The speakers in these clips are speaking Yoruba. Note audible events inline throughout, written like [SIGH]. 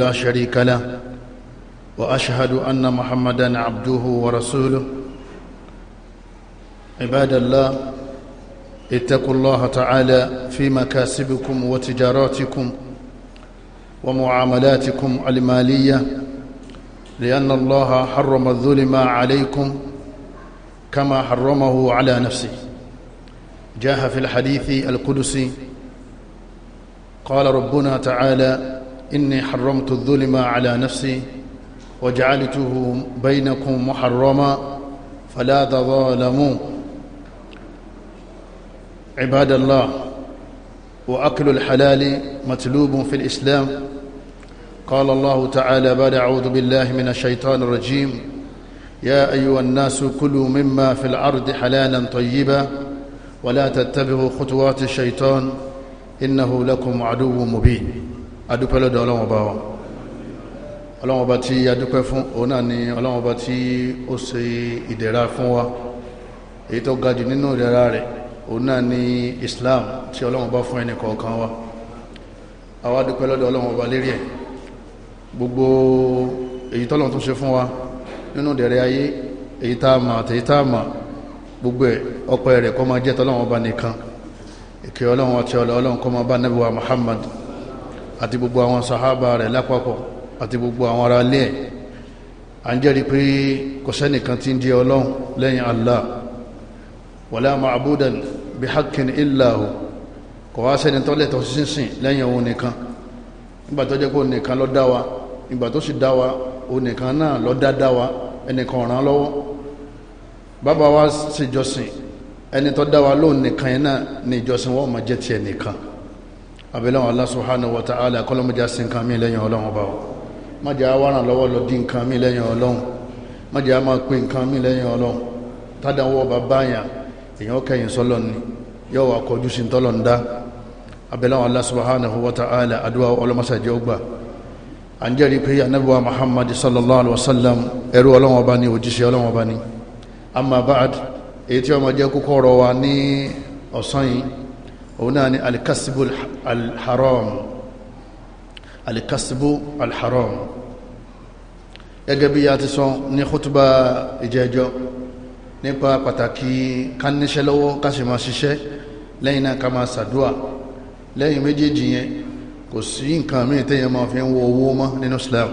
لا شريك له واشهد ان محمدا عبده ورسوله عباد الله اتقوا الله تعالى في مكاسبكم وتجاراتكم ومعاملاتكم الماليه لان الله حرم الظلم عليكم كما حرمه على نفسه جاء في الحديث القدسي قال ربنا تعالى إني حرمت الظلم على نفسي وجعلته بينكم محرما فلا تظالموا عباد الله وأكل الحلال مطلوب في الإسلام قال الله تعالى بعد أعوذ بالله من الشيطان الرجيم يا أيها الناس كلوا مما في الأرض حلالا طيبا ولا تتبعوا خطوات الشيطان إنه لكم عدو مبين adúpẹ́ lọ́dọ̀ ọlọ́wọ́n bá wa ọlọ́wọ́n bá tí adúpẹ́ fún òun náà ni ọlọ́wọ́n bá tí ó ṣe ìdẹ̀ra fún wa èyí tó ga jù nínú ìdẹ̀ra rẹ̀ òun ni Islam tí ọlọ́wọ́n bá fún ẹnì kọ̀ọ̀kan wa àwa adúpẹ́ lọ́dọ̀ ọlọ́wọ́n bá lérí ẹ̀ gbogbo èyí tọ́lọ́wọ́n tó ṣe fún wa nínú ìdẹ̀rẹ̀ ayé èyí tá a mà àtẹ̀yí tá a mà gbogbo ẹ̀ ọpẹ́ rẹ̀ kó máa jẹ́ tọ́lọ́wọ́n bá nìkan ìkẹ́ ọlọ́wọ́n àti ọlọ́wọ́n kó máa bá nẹ́bí Muhammad àti gbogbo àwọn sahaba rẹ̀ lápapọ̀ àti gbogbo àwọn ará ilé ẹ̀ à ń jẹ́rìí pé kò sẹ́nìkan tí ń di ọlọ́run lẹ́yìn Allah wala ma'budan bihaqqin illa hu kò wá sẹ́ni tọ́lẹ̀ tó sínsìn lẹ́yìn òun nìkan nígbà tó jẹ́ pé òun nìkan ló dá wa ìgbà tó sì dá wa òun nìkan náà ló dá dá wa ẹnìkan ọ̀ràn lọ́wọ́ bàbá wa ṣèjọsìn ẹni tó dá wa lóun nìkan yẹn náà ni ìjọsìn wọn máa jẹ́ tiẹ̀ nìkan abẹ́lẹ́wọ̀n Allah subhanahu wa ta'ala kọ́lọ́mọjá sí nǹkan mí lẹ́yìn ọlọ́run ọba o má jẹ́ àwárán lọ́wọ́ lọ dín nǹkan mí lẹ́yìn ọlọ́run má jẹ́ àmà pé nǹkan mí lẹ́yìn ọlọ́run tádàwọ́ ọba báyà èèyàn kẹyìn sọ́lọ́ ni yóò wà kọjú sí tọ́lọ̀ ń dá abẹ́lẹ́wọ̀n Allah subhanahu wa òun náà ni alikasibu alharam alikasibu alharam gẹ́gẹ́ bí a ti sọ ní kútùbà ìjẹjọ́ nípa pàtàkì káníṣẹ́ lọ́wọ́ káṣìmọ̀ ṣiṣẹ́ lẹ́yìn náà ká máa ṣàdúà lẹ́yìn méjèèjì yẹn kò sí nǹkan míì téèyàn máa fi ń wo owó mọ́ nínú Islam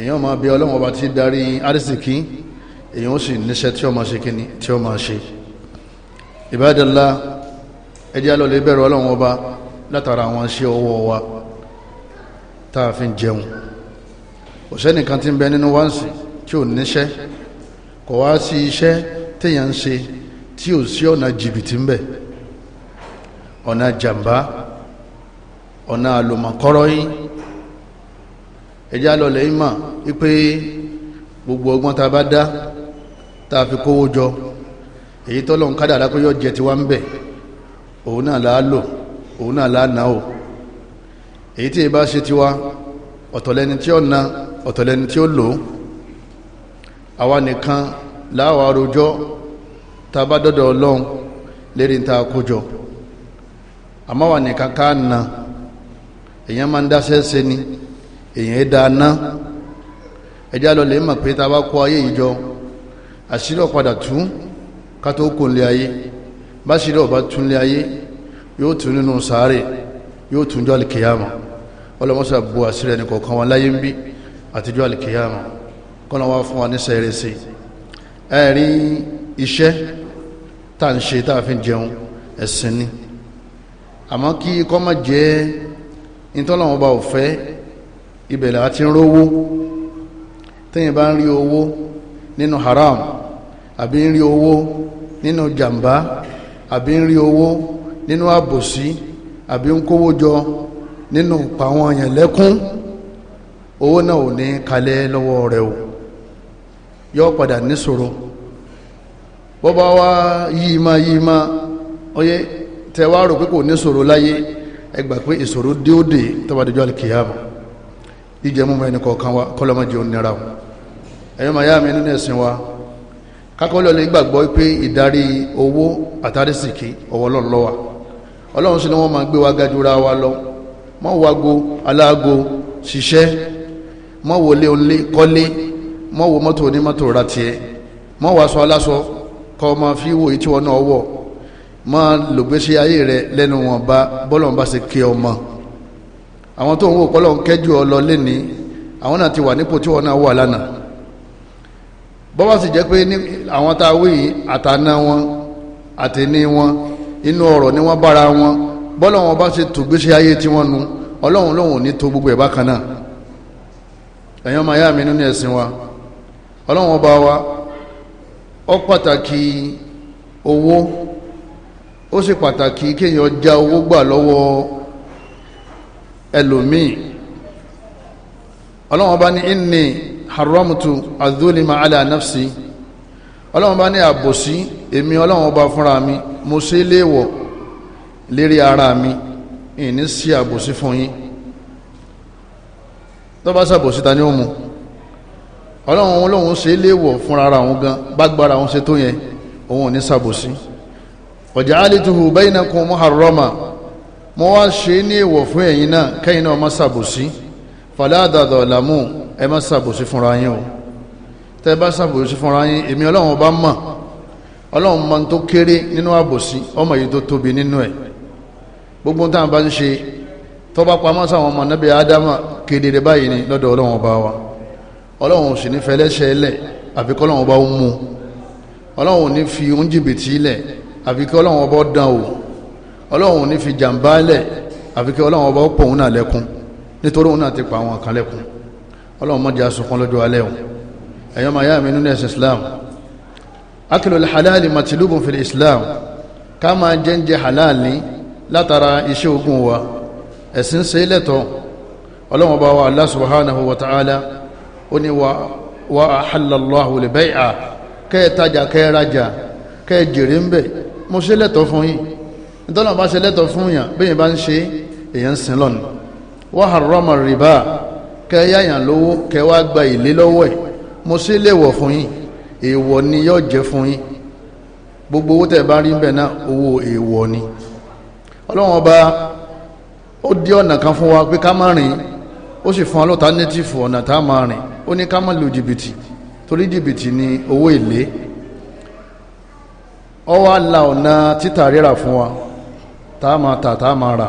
èèyàn máa bí Ọlọ́run ọba tí darí arísìkí èèyàn ó sì níṣẹ́ tí ó máa ṣe kíni tí ó máa ṣe Ibadallah ẹjẹ́ alọ́lẹ̀ bẹ̀rù ọlọ́run ọba látara àwọn iṣẹ́ ọwọ́ wa tá a fi ń jẹun òṣẹ́nìkan ti ń bẹ nínú wáǹsì tí ò níṣẹ́ kò wá sí iṣẹ́ téèyàn ń ṣe tí ò sí ọ̀nà jìbìtì ń bẹ ọ̀nà jàǹbá ọ̀nà àlòmọ̀kọ́rọ́ yín ẹjẹ́ alọ́lẹ̀ yín mà wípé gbogbo ọgbọ́n tá a bá dá tá a fi kówó jọ èyí tọ́lọ́ ń kádàrá pé yọ jẹ tiwa ń bẹ òun náà la lò òun náà nà èyí tí ìbá ṣe tiwa ọ̀tọ̀lẹ́ni tí ó na ọ̀tọ̀lẹ́ni tí ó lò àwa nìkan láwa rojọ́ ta bá dọ́dọ̀ ọlọ́run lérí ta kójọ àmọ́ na èyàn máa ń ni èyàn da ná ẹjá lọ lè mọ̀ pé ta bá kó ayé ìjọ àṣírí ọ̀padà tún ká tó kò bá sì rẹ̀ ọba túnlé ayé yóò tún nínú sàárè yóò tún jọ alìkìyàmà ọlọ́mọ́sà bu àṣírí ẹni kọ̀ọ̀kan wọn láyé ń bí àtijọ́ alìkìyàmà kọ́nà wá fún wa ní sẹ́rẹ̀ sí ẹ̀rí iṣẹ́ tá à ń ṣe tá a fi jẹun ẹ̀sìn ni àmọ́ kí kọ́ má jẹ́ ìtọ́lọ́wọ́n bá ò fẹ́ ibẹ̀lẹ̀ àti rówó tẹ́yìn bá ń rí owó nínú haram àbí ń rí owó nínú jàmbá àbí ń rí owó nínú àbòsí àbí ń kówó jọ nínú pàwọn èèyàn lẹ́kún owó náà ò ní kalẹ̀ lọ́wọ́ rẹ̀ o yọ padà níṣòro bọ́bá wa yìí ma yìí ma ọyẹ tẹ wá rò pé kò níṣòro láyé ẹ gbà pé ìṣòro dé ó dé tọ́badìjọ́ alìkìyàmù ìjẹ́mú ẹnì kọ̀ọ̀kan wa kọ́lọ́mọ́jẹ́ òun nira o ẹ̀yọ́ màá yá mi nínú ẹ̀sìn wa kákọ́lọ́ lè gbàgbọ́ pé ìdarí owó àtàrísìkí ọwọ́ ọlọ́run lọ́wà ọlọ́run sí ni wọ́n máa gbé wa gajura wa lọ mọ́ wago aláago ṣiṣẹ́ mọ́ wọlé olé kọ́lé mọ́ wo mọ́tò onímọ́tò ra tiẹ̀ mọ́ wàásọ aláṣọ kọ́ máa fi wò tí wọn náà wọ̀ máa lògbésí ayé rẹ lẹ́nu wọn bá bọ́lọ̀ bá ṣe ké ọmọ àwọn tó ń wò pọ́lọ́ kẹ́jù ọ lọ lẹ́ni àwọn náà ti wà nípò tí wọn náà wà lánàá bọ́bá sì jẹ́ pé àwọn tá a wí yìí àtàna wọn àtẹni wọn inú ọ̀rọ̀ ni wọ́n bára wọn bọ́lọ̀ wọn bá ṣe tògbésí ayé tí wọ́n nu ọlọ́run lòun ò ní to gbogbo ẹ̀ bákan náà ẹ̀yàn máa yá mi nínú ẹ̀sìn wa ọlọ́run ọba wa ó pàtàkì owó ó sì pàtàkì kéèyàn já owó gbà lọ́wọ́ ẹlòmíì ọlọ́run ọba ní ìní haramtu adúlímà ala nafsi ọlọ́run bá ní àbòsí èmi ọlọ́run bá fúnra mi mo ṣe léèwọ̀ lérí ara mi ìní sí àbòsí fún yín tó bá ṣàbòsí ta ni ó mu ọlọ́run olóhun ṣe léèwọ̀ fúnra ara òun gan bágbára òun ṣe tó yẹn òun ò ní ṣàbòsí ọ̀jà alituhu bainakum muharrama mo wá ṣe ní èèwọ̀ fún ẹ̀yin náà kẹ́yìn náà má ṣàbòsí fàládàdọ̀ làmú ẹ má ṣàbòsí fúnra yín o tẹ́ bá ṣàbòsí fúnra yín èmi ọlọ́run ọba mọ̀ ọlọ́run mọ̀ tó kéré nínú àbòsí ọmọ yìí tó tóbi nínú ẹ̀ gbogbo táwọn bá ń ṣe tó bá pamọ́ sáwọn ọmọ nábì ádámà kedere báyìí ni lọ́dọ̀ ọlọ́run ọba wa ọlọ́run sì ní fẹlẹ́ṣẹ̀ ẹlẹ̀ àfi kọ́lọ́run ọba ó mú ọlọ́run ò ní fi ń jìbìtì ilẹ̀ àfi kí ọlọ́run ọba ó dán o ọlọ́run ò ní fi jàǹbá ilẹ̀ àfi kí ọlọ́run ọba ó pòun náà lẹ́kún nítorí òun náà ti pa àwọn kan lẹ́kùn ọlọ́run mọ́jà sọ̀kan lọ́jọ́ alẹ́ òun ẹ̀yọ́ ma yá mi nínú ẹ̀sìn islam akilul halali matilubun fil islam ká máa jẹ́ǹjẹ́ halali látara iṣẹ́ ogun wa ẹ̀sìn ṣe lẹ́tọ̀ ọlọ́run bá wa allah subhanahu wa ta'ala ó ní wa ahallallahu li bai'a kẹ́ ẹ tajà kẹ́ ẹ rajà kẹ́ ẹ jèrè ń bẹ̀ mo ṣe lẹ́tọ̀ fún yín nítorí wọn bá ṣe lẹ́tọ̀ fún yàn bẹ́ẹ̀ bá ń ṣe èèyàn sin lọ́nà wọ́n harọ́mọ̀ rìbá kẹ́yàyàn lówó kẹwàá gba ìlé lọ́wọ́ ẹ̀ mo sì léèwọ̀ fún yín èèwọ̀ ni yóò jẹ́ fún yín gbogbo owó tẹ̀ bá rí bẹ̀ náà owó èèwọ̀ ni ọlọ́run ọba ó dí ọ̀nà kan fún wa pé ká má rìn ó sì fún ọlọ́ta nẹ́tífù ọ̀nà tá a má rìn ó ní ká má lu jìbìtì torí jìbìtì ni owó èlé ó wá la ọ̀nà títà rírà fún wa tá a máa tà tá a máa rà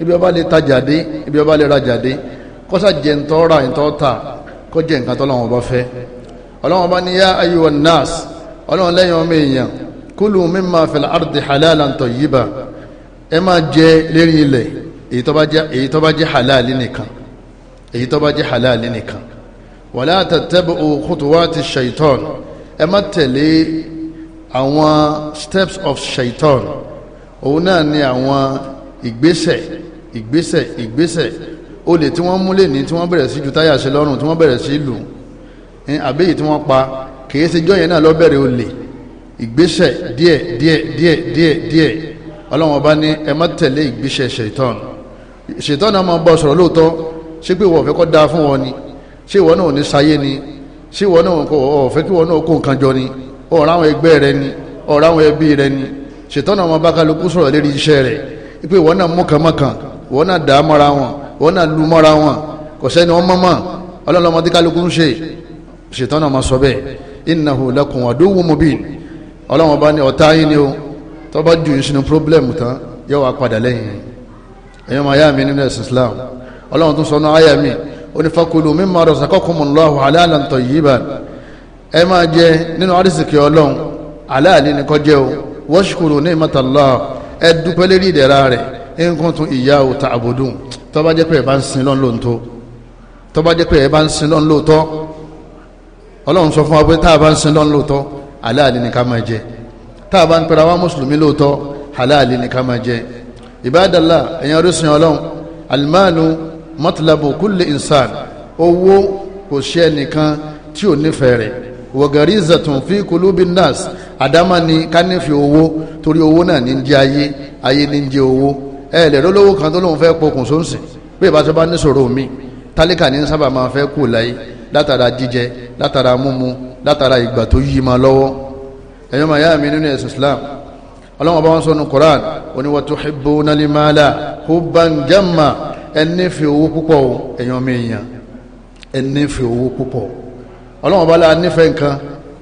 ibi ọba lè tajà dé ibi ọba lè rajà dé kọ́sà jẹ́ ń tọ́ ra ń tọ́ ta kọ́ jẹ́ nǹkan tọ́lọ́wọ́n ọba fẹ́ ọlọ́wọ́n ọba ní yá ayyuhan nas ọlọ́wọ́n lẹ́yìn ọmọ èèyàn kulu mimma fil ardi halalan tayyiba ẹ máa jẹ lérí ilẹ̀ èyí tó bá jẹ́ halali nìkan èyí tó bá jẹ́ nìkan wala tattabi'u khutuwati shaitan ẹ má tẹ̀lé àwọn steps of shaitan òun náà ni àwọn ìgbésẹ̀ ìgbésẹ̀ ìgbésẹ̀ olè tí wọ́n múlẹ̀ ní tí wọ́n bẹ̀rẹ̀ sí ju táyà ṣe lọ́rùn tí wọ́n bẹ̀rẹ̀ sí lù ní àbẹ́yì tí wọ́n pa kìí ṣe jọ́yẹn náà lọ bẹ̀rẹ̀ olè ìgbésẹ̀ díẹ̀ díẹ̀ díẹ̀ díẹ̀ díẹ̀ ọlọ́run ọba ní ẹ má tẹ̀lé ìgbésẹ̀ ṣètọ́n ṣètọ́n náà máa bọ́ sọ̀rọ̀ lóòótọ́ ṣé pé ìwọ fẹ́ kó dáa fún wọn ni ṣé ìwọ náà ò ní sáyé ni ṣé ìwọ náà ò fẹ́ kí ìwọ náà kó nǹkan wọn náà dá mọ́ra wọn wọn náà lu mọ́ra wọn kò sẹ́ni wọn mọ́mọ́ ọlọ́lọ́mọ tí kálukú ń ṣe ṣètọ́nà máa sọ bẹ́ẹ̀ innahu lakum aduwwun mubin ọlọ́wọ́n bá ní ọ̀tá yín ni o tó bá ju ìṣinú pírọ́blẹ̀mù tán yóò wá padà lẹ́yìn ẹ̀yọ́ máa yá mi nínú ẹ̀sìn Islam ọlọ́wọ́n tún sọnù àyà mi ó ní fakulu mimma razaqakumullahu halalan tayyiban ẹ máa jẹ nínú àrísìkì ọlọ́run aláàlí ni kó jẹ́ o washkuru ni'matallah ẹ dúpẹ́ lérí ìdẹ̀ra rẹ̀ nǹkan tún ìyá ò ta àbòdùn tó bá jẹ́ pé ẹ̀ bá ń sin lọ́n lóòótọ́ tó bá jẹ́ pé ẹ̀ bá ń sin lọ́n lóòótọ́ ọlọ́run sọ fún wa pé tá a bá ń sin lọ́n lóòótọ́ aláàlì ni ká máa jẹ tá a bá ń pera wá mùsùlùmí lóòótọ́ aláàlì ni máa jẹ ìbádàlá ẹ̀yàn orísun ọlọ́run alimánu mọ́tìlábù kúlẹ̀ ìsàn owó kò ṣe ẹnìkan tí ò nífẹ̀ẹ́ rẹ̀ wọ̀gàrí ìzàtún fi kulubi nas àdámà ni owó torí owó náà ní jẹ́ ayé ayé ní jẹ́ owó ẹ lè rólówó kan tó lóun fẹ́ pokùn sóńsì bí ìbá tó bá ní sọ̀rọ̀ mi tálíkà ní sábà máa fẹ́ kú láyé látara jíjẹ látara múmu látara ìgbà tó yí ma lọ́wọ́ ẹ̀yọ́ màá yá mi nínú ẹ̀sìn Islam ọlọ́wọ́n bá wọn sọ Quran ó ní wa tuhibbuna al-mala hubban jamma ẹni fi owó púpọ̀ ẹ̀yọ́ mi yàn ẹni fi owó púpọ̀ ọlọ́wọ́n bá la nífẹ̀ẹ́ nǹkan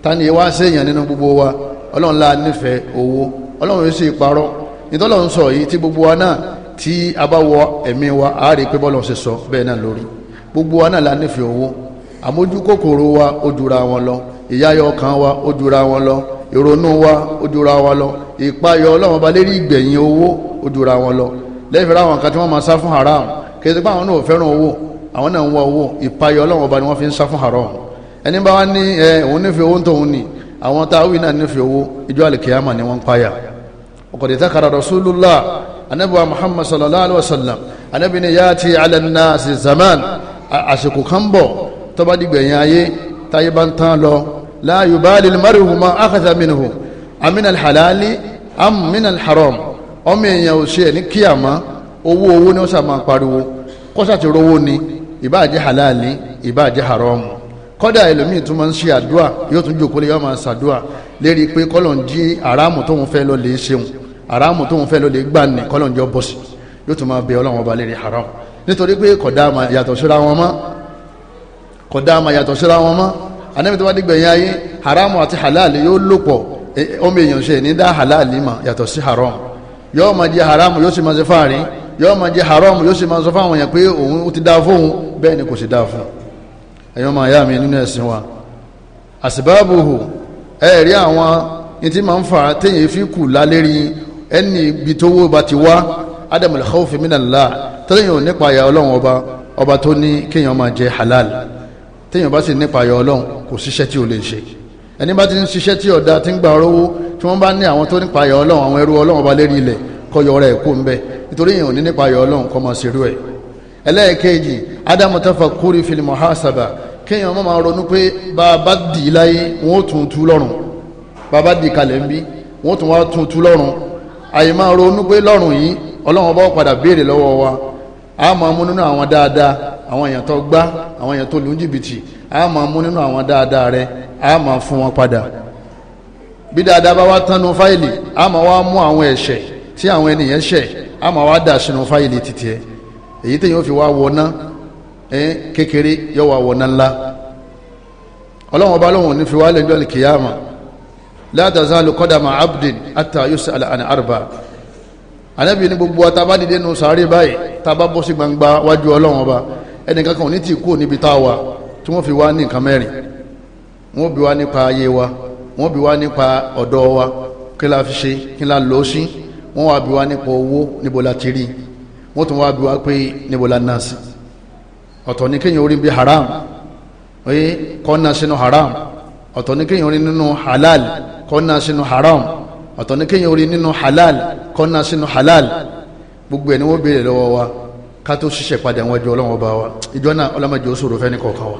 tani wá séèyàn nínú gbogbo wa ọlọ́wọ́n la nífẹ̀ẹ́ owó ọlọ́wọ́n yóò sì parọ́ ìtọ́lọ̀ sọ yìí tí gbogbo wa náà tí a bá wọ ẹ̀mí wa a rí pé bọ́lọ̀ ṣe sọ bẹ́ẹ̀ náà lórí gbogbo wa náà la nífẹ̀ẹ́ owó àmójúkòkòrò wa ó jura wọn lọ ìyáyọ ọkàn wa ó jura wọn lọ ìrònú wa ó jura wọn lọ ìpayọ ọlọ́run ba lérí ìgbẹ̀yìn owó ó jura wọn lọ lẹ́fẹ̀ẹ́ àwọn kan tí wọ́n máa sá fún haram kẹsì pé àwọn náà ò fẹ́ràn owó àwọn náà ń wá owó ìpayọ ọlọ́run ba ni wọ́n fi ń sá fún haram ẹni bá wá ní ẹ òun nífẹ̀ẹ́ owó tóun ni àwọn táwí náà nífẹ̀ẹ́ owó ìjọ àlìkèyàmà ni wọ́n ń payà وقد ذكر رسول الله النبي محمد صلى الله عليه وسلم النبي ياتي على الناس زمان àsìkò kan bọ̀ tó bá di gbẹ̀yìn ayé táyé bá ń tán lọ la yubali al-mar'u ma akhadha minhu amínà halali amínà haram ọmọ èèyàn ò ṣe ní kíyàmá owó owó ni ó sà máa pariwo kọ́sà ti rówó ni ìbá jẹ́ halali ìbá jẹ́ haram kọ́dà ẹlòmíì tún máa ń ṣe àdúà yóò tún jòkó lè yọ máa ṣàdúà lérí pé kọ́lọ̀ ń jí haramu tóun fẹ́ lọ lè ṣeun haramu tó ń fẹ́ ló lè gbà ní kọ́lọ́njọ́ bọ́sì yóò tún máa bẹ ọlọ́run ọba lérí haram nítorí pé kọ̀dá ma yàtọ̀ síra wọn mọ́ kọ̀dá ma yàtọ̀ síra wọn mọ́ anẹ́mi tó bá dìgbẹ̀yìn ayé haramu àti halal yóò lò pọ̀ e, ọmọ èèyàn ṣe ní dá halal mà yàtọ̀ sí haram yóò ma jẹ haramu yóò sì máa ṣe fáàrin yóò máa jẹ haramu yóò sì máa sọ fáwọn èèyàn pé òun ti dá fóun bẹ́ẹ̀ ni kò sì dá fún ẹ̀yọ́ máa yá mi nínú ẹ̀sìn wa àsìbáàbò ẹ̀rí àwọn ní ti máa ń fà á fi kù lálérí ẹni ibi tó wó ba ti wá adamul khawfi minallah tẹ́lẹ̀yìn ò nípa ayà ọlọ́run ọba ọba tó ní kéèyàn máa jẹ halal tẹ́yìn bá sì nípa ayà ọlọ́run kò síṣẹ́ tí ò lè ṣe ẹni bá ti ń ṣiṣẹ́ tí ọ̀dà ti ń gba rówó tí wọ́n bá ní àwọn tó nípa ayà ọlọ́run àwọn ẹrú ọlọ́run ọba lérí ilẹ̀ kọyọ rẹ̀ kó ń nítorí èèyàn ò ní nípa ayà ọlọ́run kọ́ máa ṣerú ẹ̀ ẹlẹ́ẹ̀kejì adamu tafakkuri fil muhasaba kéèyàn máa ronú pé bá dì í láyé wọ́n ó tún lọ́rùn bá dì í kalẹ̀ ń bí wọ́n tún wá tún tú lọ́rùn àyè máa ronú pé lọ́rùn yìí ọlọ́run ọba padà béèrè lọ́wọ́ wa a máa mú nínú àwọn dáadáa àwọn èèyàn tó gbá àwọn èèyàn tó lù ń jìbìtì a máa mú nínú àwọn dáadáa rẹ a máa fún wọn padà bí dáadáa bá wá tánu fáìlì a máa wá mú àwọn ẹ̀ṣẹ̀ tí àwọn ènìyàn ṣẹ̀ a máa wá dà sínú fáìlì títí ẹ èyí téèyàn fi wá wọná kékeré yóò wá wọná ńlá ọlọ́run ọba lóhùn ní fi wá lẹ́jọ́ kìyàmá لا تزال قدم عبد hatta yus'ala عن arba anabi ni gbogbo wa taba dìde nu sáré báyìí taba bọ́ sí gbangba wájú ọlọ́run ọba ẹnìkan kan ò ní tì kú níbi tá a wà tí wọ́n fi wá ní nǹkan mẹ́rin wọ́n bi wá nípa ayé wa wọ́n bi wá nípa ọ̀dọ́ wa kí la fi ṣe kí la lò ó sí bi wá nípa owó níbo la ti tún wá bi wá pé níbo la nà sí ọ̀tọ̀ ní kéèyàn haram oye kọ́ nà sínú haram ọ̀tọ̀ ní kéèyàn orí nínú halal kọ́nà sínú haram ọ̀tọ̀ ní kéèyàn orí nínú halal kọ́nà sínú halal gbogbo ẹ̀ ni wọ́n béèrè lọ́wọ́ wa ká tó ṣiṣẹ́ padà wọn jọ ọlọ́wọ́ bá wa ìjọ náà ọlọ́mọdé oṣù rọ̀fẹ́ ní kọ̀ọ̀kan wa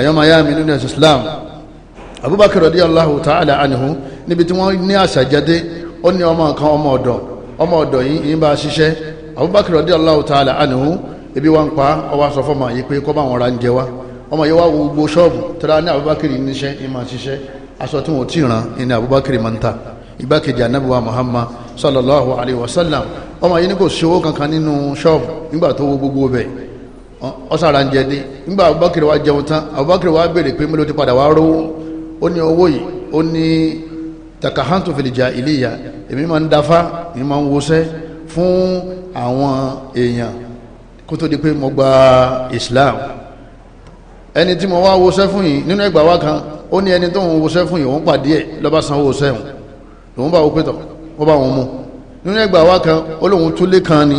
ẹ̀yọ́ máa yá mi nínú ẹ̀sìn Islam Abubakar radiyallahu ta'ala anhu níbi tí wọ́n ní àṣà jáde ó ní ọmọ nǹkan ọmọ ọ̀dọ̀ ọmọ ọ̀dọ̀ yìí yìí bá ṣiṣẹ́ Abubakar radiyallahu ta'ala anhu ebi wa ń pa ọwọ́ aṣọ fọmọ yìí pé kọ́ bá wọn ra ń jẹ wa ọmọ yìí wá wo gbogbo ṣọ́ọ̀bù tẹ́lá ní Abubakar yìí níṣẹ́ yìí máa ṣiṣẹ́ aṣọ tí wọn ò tí ì rán ní Abubakar manta igbákejì anabiwa Muhammad sallallahu alayhi wa sallam ọmọ yìí ní kò sí owó kankan nínú ṣọ́ọ̀bù nígbà tó wó gbogbo bẹ̀ ọ̀sára ń jẹ dé nígbà Abubakar wa jẹun tán Abubakar wa béèrè pé mélòó ti padà wá rówó ó ní owó yìí ó ní takahantu fil jahiliya èmi máa ń dafa èmi máa ń wọṣẹ́ fún àwọn èèyàn kó tó di pé mo gba Islam ẹni tí mo wá wọṣẹ́ fún yìí nínú ẹgbàá wa kan ó ní ẹni tó ń wọṣẹ́ fún ìwọ̀n pàdé ẹ̀ lọ́ba sanwó wọṣẹ́ wọn lòun bá wo pétọ̀ wọ́n bá wọn mú nínú ẹgbàá wa kan ó lóun túlé kan ni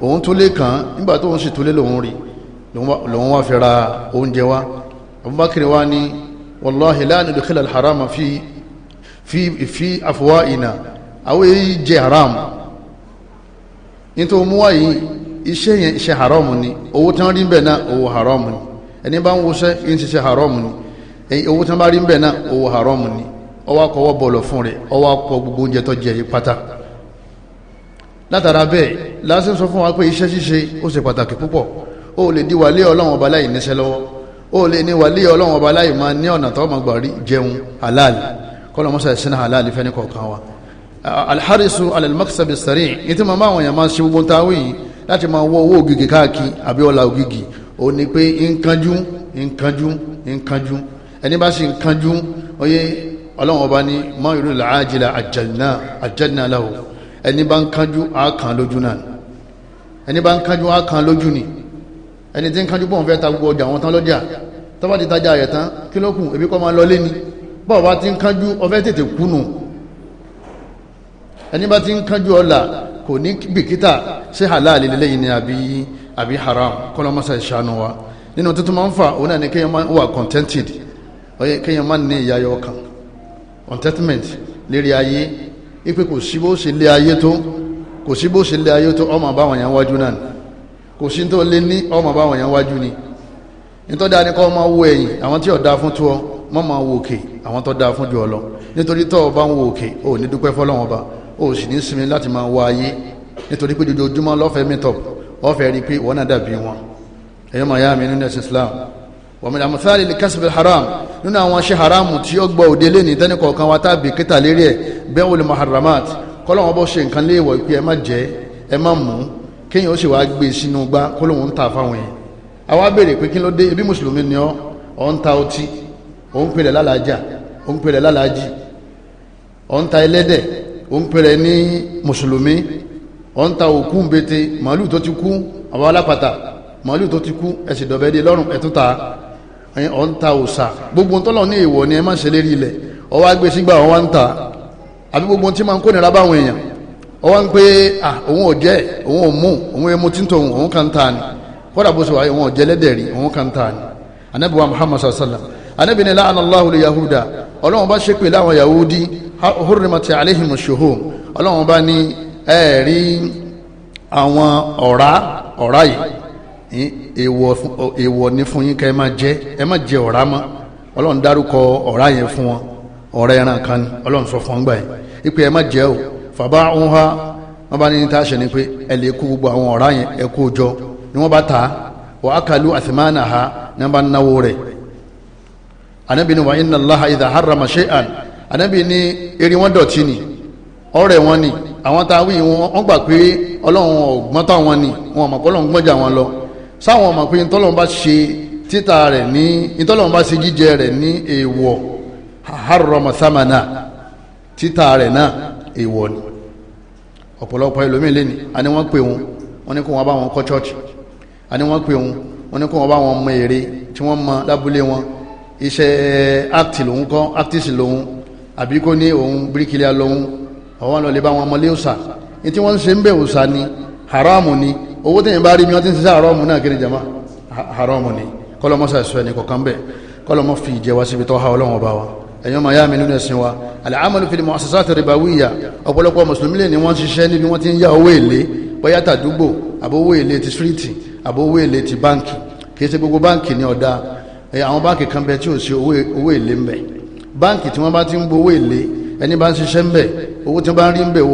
òun túlé kan nígbà tóun sì túlé lòun rí lòun wá fi ra oúnjẹ wa Abubakar wa ni wàláhi láàánú dùkìlà alḥaram fi fi fi àfọwá ìnà àwọn èyí jẹ haram nítorí mú wáyé iṣẹ́ yẹn iṣẹ́ haram ni owó tán rí bẹ́ẹ̀ náà owó haram ni ẹni bá ń wọṣẹ́ yín ti ṣe haram ni owó tí wọ́n bá rí ń bẹ̀ náà owó haram ni ọwọ́ akọwọ́ bọ̀lọ̀ fún rẹ̀ ọwọ́ akọ gbogbo oúnjẹ tó jẹ yìí pátá látara bẹ́ẹ̀ lásán sọ fún wa pé iṣẹ́ ṣíṣe ó ṣe pàtàkì púpọ̀ ó lè di wàlé ọlọ́run ọba láì níṣẹ́ lọ́wọ́ ó lè ní wàlé ọlọ́run ọba láì máa ní ọ̀nà tó máa gbà rí jẹun halal kọ́lọ́mọ́sá ìsinà halal fẹ́ni kọ̀ọ̀kan wa alharisu alalmaksabi sari ní tí màmá àwọn èèyàn máa ṣe gbogbo táwọn yìí láti máa wọ owó ògìgì káàkiri àbí ọlà ògìgì ó ní pé nkanjú nkanjú nkanjú ẹni bá sì ń kanjú oyé ọlọ́run ọba ní mọ́ ìlú làájìlá àjẹ̀nà àjẹ̀nà láwọ̀ ẹni bá ń kanjú àákan lójú náà ẹni bá ń kanjú àákan lójú ni ẹni tí ń kanjú bọ́n fẹ́ ta gbogbo ọjà wọn tán lọ́jà tọ́ba ti tajà rẹ̀ tán kí ló kù èmi kọ́ máa lọ lé ni bọ́ọ̀ bá ti ń kanjú ọfẹ́ tètè kùnù ẹni bá ti ń kanjú ọ̀la kò ní bìkítà ṣé halal lélẹ́yìn ni àbí àbí haram kọ́lọ́mọ́sá ìṣàánú wa nínú tuntun máa ń fà òun náà ni kéèyàn máa wà contented ọyẹ kéèyàn má ní ìyáyọ ọkàn contentment lérí ayé ipe kò sí bó ṣe lé ayé tó kò sí bó ṣe lé ayé tó ọmọ àbáwọn yẹn wájú náà kò sí tó lé ní ọmọ àbáwọn yẹn wájú ni nítorí dáa ni kọ́ máa wo ẹ̀yìn àwọn tí ọ̀dà fún tó ọ mọ́ máa wo òkè àwọn tó dáa fún jù ọ lọ nítorí tọ́ ọ ń wo òkè ò ní dúpẹ́ fọlọ́wọn ba ò sì ní sinmi láti máa wá ayé nítorí pé dojoojúmọ́ lọ́fẹ̀ẹ́ mítọ̀ ọ̀fẹ́ rí i pé wọ́n náà dàbí wọn ẹ̀yọ́ màá yá mi nínú ẹ̀sìn Islam wàmìlà mùsàlì lè kásìbẹ̀ haram nínú àwọn aṣẹ́ haramu tí ó gbọ́ òde lẹ́ni tẹ́ni kọ̀ọ̀kan wa tàbí kíta lérí ẹ̀ bẹ́ẹ̀ wọlé maharamat kọ́lọ́wọ́n bọ́ ṣe nǹkan léèwọ̀ pé ẹ má jẹ ẹ má mú kéèyàn ó sì wáá gbé e sínú gbá kọ́lọ́wọ́n ń ta fáwọn yẹn àwa béèrè pé kí ló dé ibi mùsùlùmí ni ọ ọ ń ta ọtí ọ ń pèrè lálàájà ọ ń pèrè lálàájì ọ ń ta ẹlẹ́dẹ̀ ọ ń pèrè ní mùsùlùmí ọ ń ta òkú ń bete màálù tó ti kú àwọn alápàtà màálù tó ti kú ẹ̀sìn dọ̀bẹ́dẹ lọ́rùn ẹ̀túta ọ̀ ń ta òòsà gbogbo tọ́lọ̀ ní èèwọ̀ ni ẹ má ṣe lérí ilẹ̀ ọwọ́ agbé sígbà wọn wá ń ta àbí gbogbo tí máa ń kónira báwọn èèyàn ọwọ́ ń pé à òun ò jẹ́ òun ò mú òun èmo tí ń tòun òun kàn ta ni kódà bó ṣe wáyé òun ò jẹ́ lẹ́dẹ̀ òun kàn ta ni anabi wa muhammad sallam anabi ni la'ana allahu li yahuda ọlọ́run bá ṣépè láwọn yahudi hurrimati alehim shuhum ọlọ́run bá ní ẹ̀ẹ́rí àwọn ọ̀rá ọ̀rá yìí èèwọ̀ ní fún yín kẹ́ ẹ má jẹ ẹ má jẹ ọ̀rá mọ́ ọlọ́run dárúkọ ọ̀rá yẹn fún wọn ọ̀rá ẹran kan ni ọlọ́run sọ fún ọgbà yẹn ipe ẹ má jẹ o fàbá ń ha wọn bá ní ní táṣẹ ni pé ẹ lè kó gbogbo àwọn ọ̀rá yẹn ẹ kó jọ ni wọn bá ta wà á kàlú àtìmánà ha ni wọn bá náwó rẹ anabi ni wa inna allaha idha harrama shay'an anabi ni eri wọn dọ̀tí ni ọ̀rẹ́ wọn ni àwọn tá a wọn gbà pé ọlọ́run ọ̀gbọ́n táwọn ni wọn mọ̀ kọ́ ọlọ́run gbọ́njà wọn lọ sáwọn ọmọ pé ntọ́lọ́wọ́n bá ṣe títà rẹ̀ ní ntọ́lọ́wọ́n bá ṣe jíjẹ rẹ̀ ní èèwọ̀ harrama samana títà rẹ̀ náà èèwọ̀ ni ọ̀pọ̀lọpọ̀ ẹlòmíín lẹ́ni àní wọ́n pè wọn wọ́n ní kó wọn bá wọn kọ́ chọ́ọ̀chì àní wọ́n pè wọn wọ́n ní kó wọn bá wọn mọ èrè tí wọ́n mọ lábúlé wọn iṣẹ́ act lòun kọ́ actis lòun àbí kó ní òun bíríkìlíà lòun àwọn lọ́ọ́ lè bá wọn mọ lé òòsà ní tí wọ́n ń ṣe ń bẹ̀ òòsà ni haramu ni owó tẹ̀yìn bá rí mi wọ́n ti ń ṣiṣẹ́ àrọ́ọ̀mù náà kiri jama àrọ́ọ̀mù ni kọ́lọ́mọ́sà ẹ̀sọ́ ẹni kọ̀ọ̀kan bẹ́ẹ̀ kọ́lọ́mọ́ fi ìjẹ wa síbi tọ́ha ọlọ́wọ́n bá wa ẹ̀yọ́ máa yá mi nínú ẹ̀sìn wa al-amalu fil mu'assasat ribawiyya ọ̀pọ̀lọpọ̀ mùsùlùmí lè ní wọ́n ṣiṣẹ́ níbi wọ́n ti ń yá owó èlé bóyá tàdúgbò àbówó èlé ti síríìtì àbówó èlé ti báǹkì kì í ṣe gbogbo báǹkì ní ni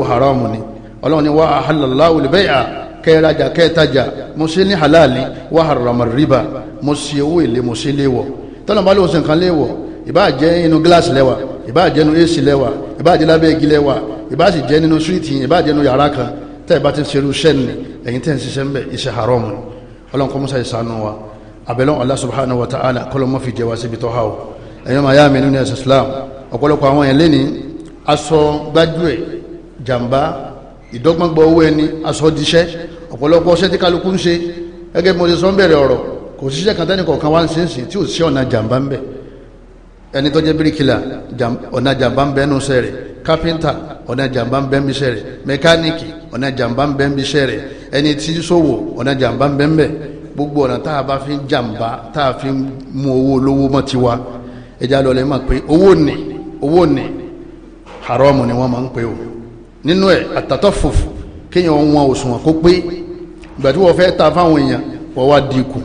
ọlọ́run ni wa ahallallahu al kẹ́ẹ̀rajà kẹ́ẹ̀tajà mo ṣe ní halali wa harrama riba mo ṣe owó èlé mo ṣe léwọ̀ tọ́lọ̀ bá lóun ṣe nǹkan léwọ̀ ìbáà jẹ́ inú gíláàsì lẹ́wà ìbáà jẹ́ inú ac lẹ́wà ìbáà jẹ́ lábẹ́ igi lẹ́wà ìbáà sì jẹ́ nínú síríìtì ìbáà jẹ́ inú yàrá kan tẹ́ ẹ bá ti ṣerú iṣẹ́ ni ẹ̀yin tẹ́ ń ṣiṣẹ́ ń bẹ̀ iṣẹ́ haram ni musa ìdọ́gbọ́ngbọ́ owó ẹni asọ́díṣẹ́ ọ̀pọ̀lọpọ̀ ọṣẹ́ tí kálukú ń ṣe gẹ́gẹ́ bí mo ṣe sọ ń bẹ̀rẹ̀ ọ̀rọ̀ kò síṣẹ́ kan tẹ́nì kọ̀ọ̀kan wá ń ṣe ń sìn tí ò sí ọ̀nà jàǹbá ń bẹ̀ ẹni tó bíríkìlà ọ̀nà jàǹbá ń bẹ́ nù sẹ́ rẹ̀ kápẹ́ńtà ọ̀nà jàǹbá ń bẹ́ ń bí rẹ̀ mẹkáníìkì ọ̀nà jàǹbá ń gbogbo ọ̀nà tá a bá fi ń jàǹbá tá a fi ń mú ti wa ẹja lọ́lẹ́ máa pé owó ni owó ni haram ni wọ́n máa ń nínú ẹ̀ àtàtọ́fòfò kéèyàn wọn òṣùwọ̀n kó pé ìgbà tí wọ́n fẹ́ ta fáwọn èèyàn wọ́n wá di ikù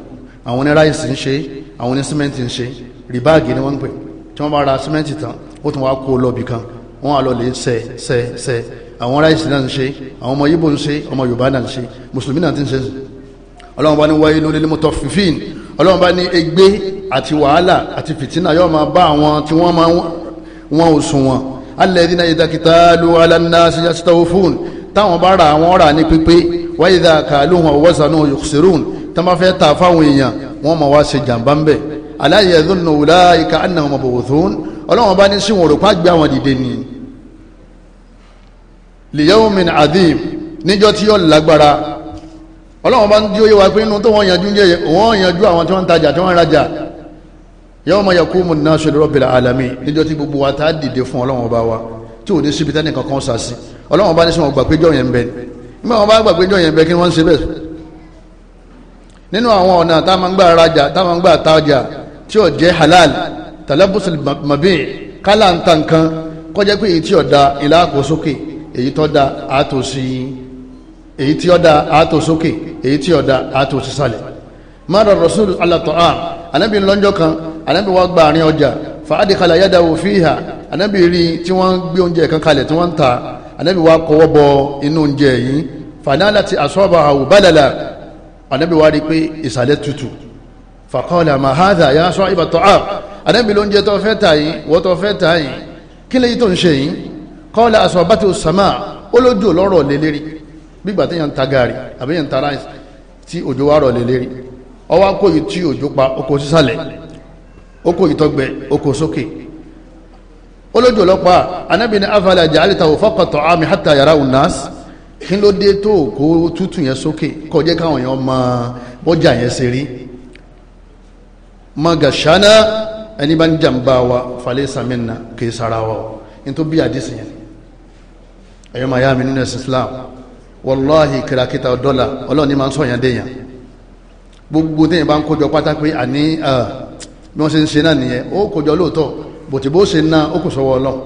àwọn ní ráìsì ń ṣe àwọn ní símẹ́ǹtì ń ṣe rìbáàgì ni wọ́n ń pè tí wọ́n bá ra símẹ́ǹtì tán ó tún wá kó o lọ́ọ̀bì kan wọ́n á lọ lè sẹ́ sẹ́ sẹ́ àwọn ráìsì náà ń ṣe àwọn ọmọ yíbo ń ṣe ọmọ yorùbá náà ń ṣe mùsùlùmí náà ti ń ṣe ọlọ́run bá ní wáyé lórí límọ́tọ́ fífín ọlọ́run bá ní ègbé àti wàhálà àti fìtínà yóò máa bá àwọn tí wọ́n máa wọn òṣùwọ̀n alladhina idha kitalu ala nnasi yastawfun táwọn bá ra àwọn rà ní pípé wa idha kaluhum wazanu yukhsirun tán bá fẹ́ ta fáwọn èèyàn wọ́n máa wá ṣe jàǹbá ń bẹ̀ ala yadhunnu ulaika annahum mab'uthun ọlọ́wọ́n bá ní sí wọn òrùpá gbé àwọn dìde ni li yawmin adhim níjọ́ tí yóò lágbára ọlọ́wọ́n bá ń dí ó wa pé inú tó wọ́n yanjú ń jẹ́ wọ́n yanjú àwọn tí wọ́n ń tajà tí wọ́n ń rajà yawma yaqumu nnasu li rabbil alamin níjọ́ tí gbogbo wa tá a dìde fún ọlọ́run ọba wa tí ò ní síbi tẹ́nì kankan sá sí ọlọ́run ọba ní sọ wọn gbàgbéjọ́ yẹn bẹ nígbà wọn bá gbàgbéjọ́ yẹn bẹ kí wọ́n ń ṣe bẹ́ẹ̀ nínú àwọn ọ̀nà tá a máa ń gbà rajà tá a máa ń gbà tajà tí ò jẹ́ halal talabus mabi kálá ń ta nǹkan kọjá pé èyí tí ọ̀dà ìlà àkó sókè èyí tó da àtò sí èyí tí ọ̀dà àtò àtò sí anabi lọ́njọ́ kan anabi wa gba àárín ọjà fàádì kalẹ̀ yàda òfin hà anabi rí tí wọ́n ń gbé oúnjẹ kan kalẹ̀ tí wọ́n ń ta anabi wa kọwọ́ bọ inú oúnjẹ yìí fanala ti asọ́ba àwò bàdàlà anabi wa rí pé ìsàlẹ̀ tutù fàkọ́lá mahadà yà sọ ìbàtọ̀ à anabi lóúnjẹ tó fẹ́ ta yìí wọ́n tó fẹ́ ta yìí kí lè yí tó ń ṣe yìí kọ́lá asọ́ba tó sàmà ó lójú lọ́rọ̀ lélẹ́rì bí gbàtẹ́yàn ta gaari àbẹ́yàn ta ráìsì tí òjò wa rọ̀ lélẹ́rì ọwọ́ kò yìí tí òjò pa oko sísàlẹ̀ oko yìí tọgbẹ oko sókè olójú ọlọ́pàá anábì ní afala ja'alta fawqa ta'ami hatta yara'u an-nas kí ló dé tó kó tútù yẹn sókè kó jẹ́ káwọn èèyàn mọ bọ́jà yẹn ṣe rí magashana ẹni bá ń jàǹbá wa falaysa minna kì í sara wa nítorí bí àdìsí yẹn ẹ̀yọ́ màá nínú ẹ̀sìn Islam wàláhì kìràkìtà dọ́là ọlọ́ọ̀ni máa ń sọ̀yàn déyàn gbogbo téèyàn bá ń kójọ pátá pé àní bí wọ́n ṣe ń ṣe náà nìyẹn ó kójọ lóòótọ́ bòtí bó ṣe ná ó kù sọ́wọ́ ọlọ́run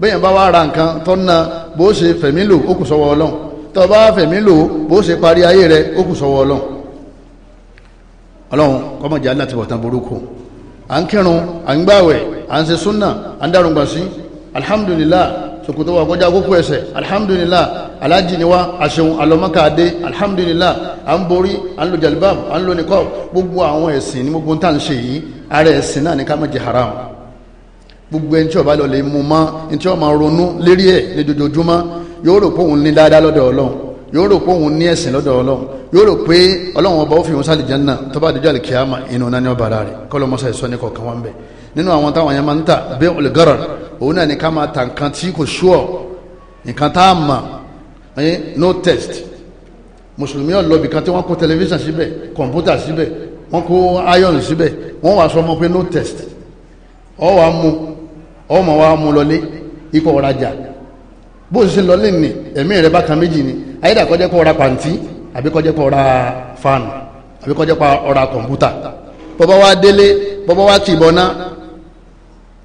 bẹ́yàn bá wá ra nǹkan tó ná bó ṣe fẹ̀mí lò ó kù sọ́wọ́ ọlọ́run tó bá fẹ̀mí lò bó ṣe parí ayé rẹ ó kù sọ́wọ́ ọlọ́run ọlọ́run kọ́mọ̀jà láti wọ̀tán burúkú à ń kírun à ń gbàwẹ̀ à ń ṣe súnà à ń dárúgbà sí alhamdulillah Sokoto wa kọjá kókó ẹsẹ̀ alhamdulillah alájì ni wa àṣeun alhamdulillah à ń borí à ń lo jalibab à ń lo nìkọ́ gbogbo àwọn ẹ̀sìn ní gbogbo tá à ń ṣe yìí ara ẹ̀sìn náà ní ká má jẹ haram gbogbo ẹni tí ó bá lọ lè mú mọ́ ẹni tí ó máa ronú lérí ẹ̀ ní dojoojúmọ́ yóò rò pé òun ní dáadáa lọ́dọ̀ ọlọ́run yóò rò pé òun ní ẹ̀sìn lọ́dọ̀ ọlọ́run yóò rò pé ọlọ́run ọba ó fi òun sálì tó bá dojú àlìkíyàmà inú náà ní ọba ara rẹ̀ kọ́lọ́mọsá ìsọ́ni kọ̀ọ̀kan wá ń bẹ̀ nínú àwọn táwọn yẹn máa ń tà bẹ́ẹ̀ olùgọ́rọ̀ òun náà ní ká máa ta nǹkan tí kò ṣúọ̀ nǹkan tá a mọ̀ ẹ́ no test mùsùlùmí ọ̀lọ́bì kan tí wọ́n kó tẹlifíṣàn síbẹ̀ kọ̀ǹpútà síbẹ̀ wọ́n kó iron síbẹ̀ wọ́n wàá sọ ọmọ pé no test ọ wàá mu ọmọ wàá mu lọlé ikọ̀ ọ̀rajà bó o ṣe lọlé ni ẹ̀mí rẹ̀ bákan méjì ni ayédàkọ́jẹ́ kọ́ ọ̀ra pàǹtí àbíkọ́jẹ́ kọ́ ọ̀ra fáànù àbíkọ́jẹ́ kọ́ ọ̀ra kọ̀ǹpútà bọ́bá wa délé bọ́bá wa tìbọná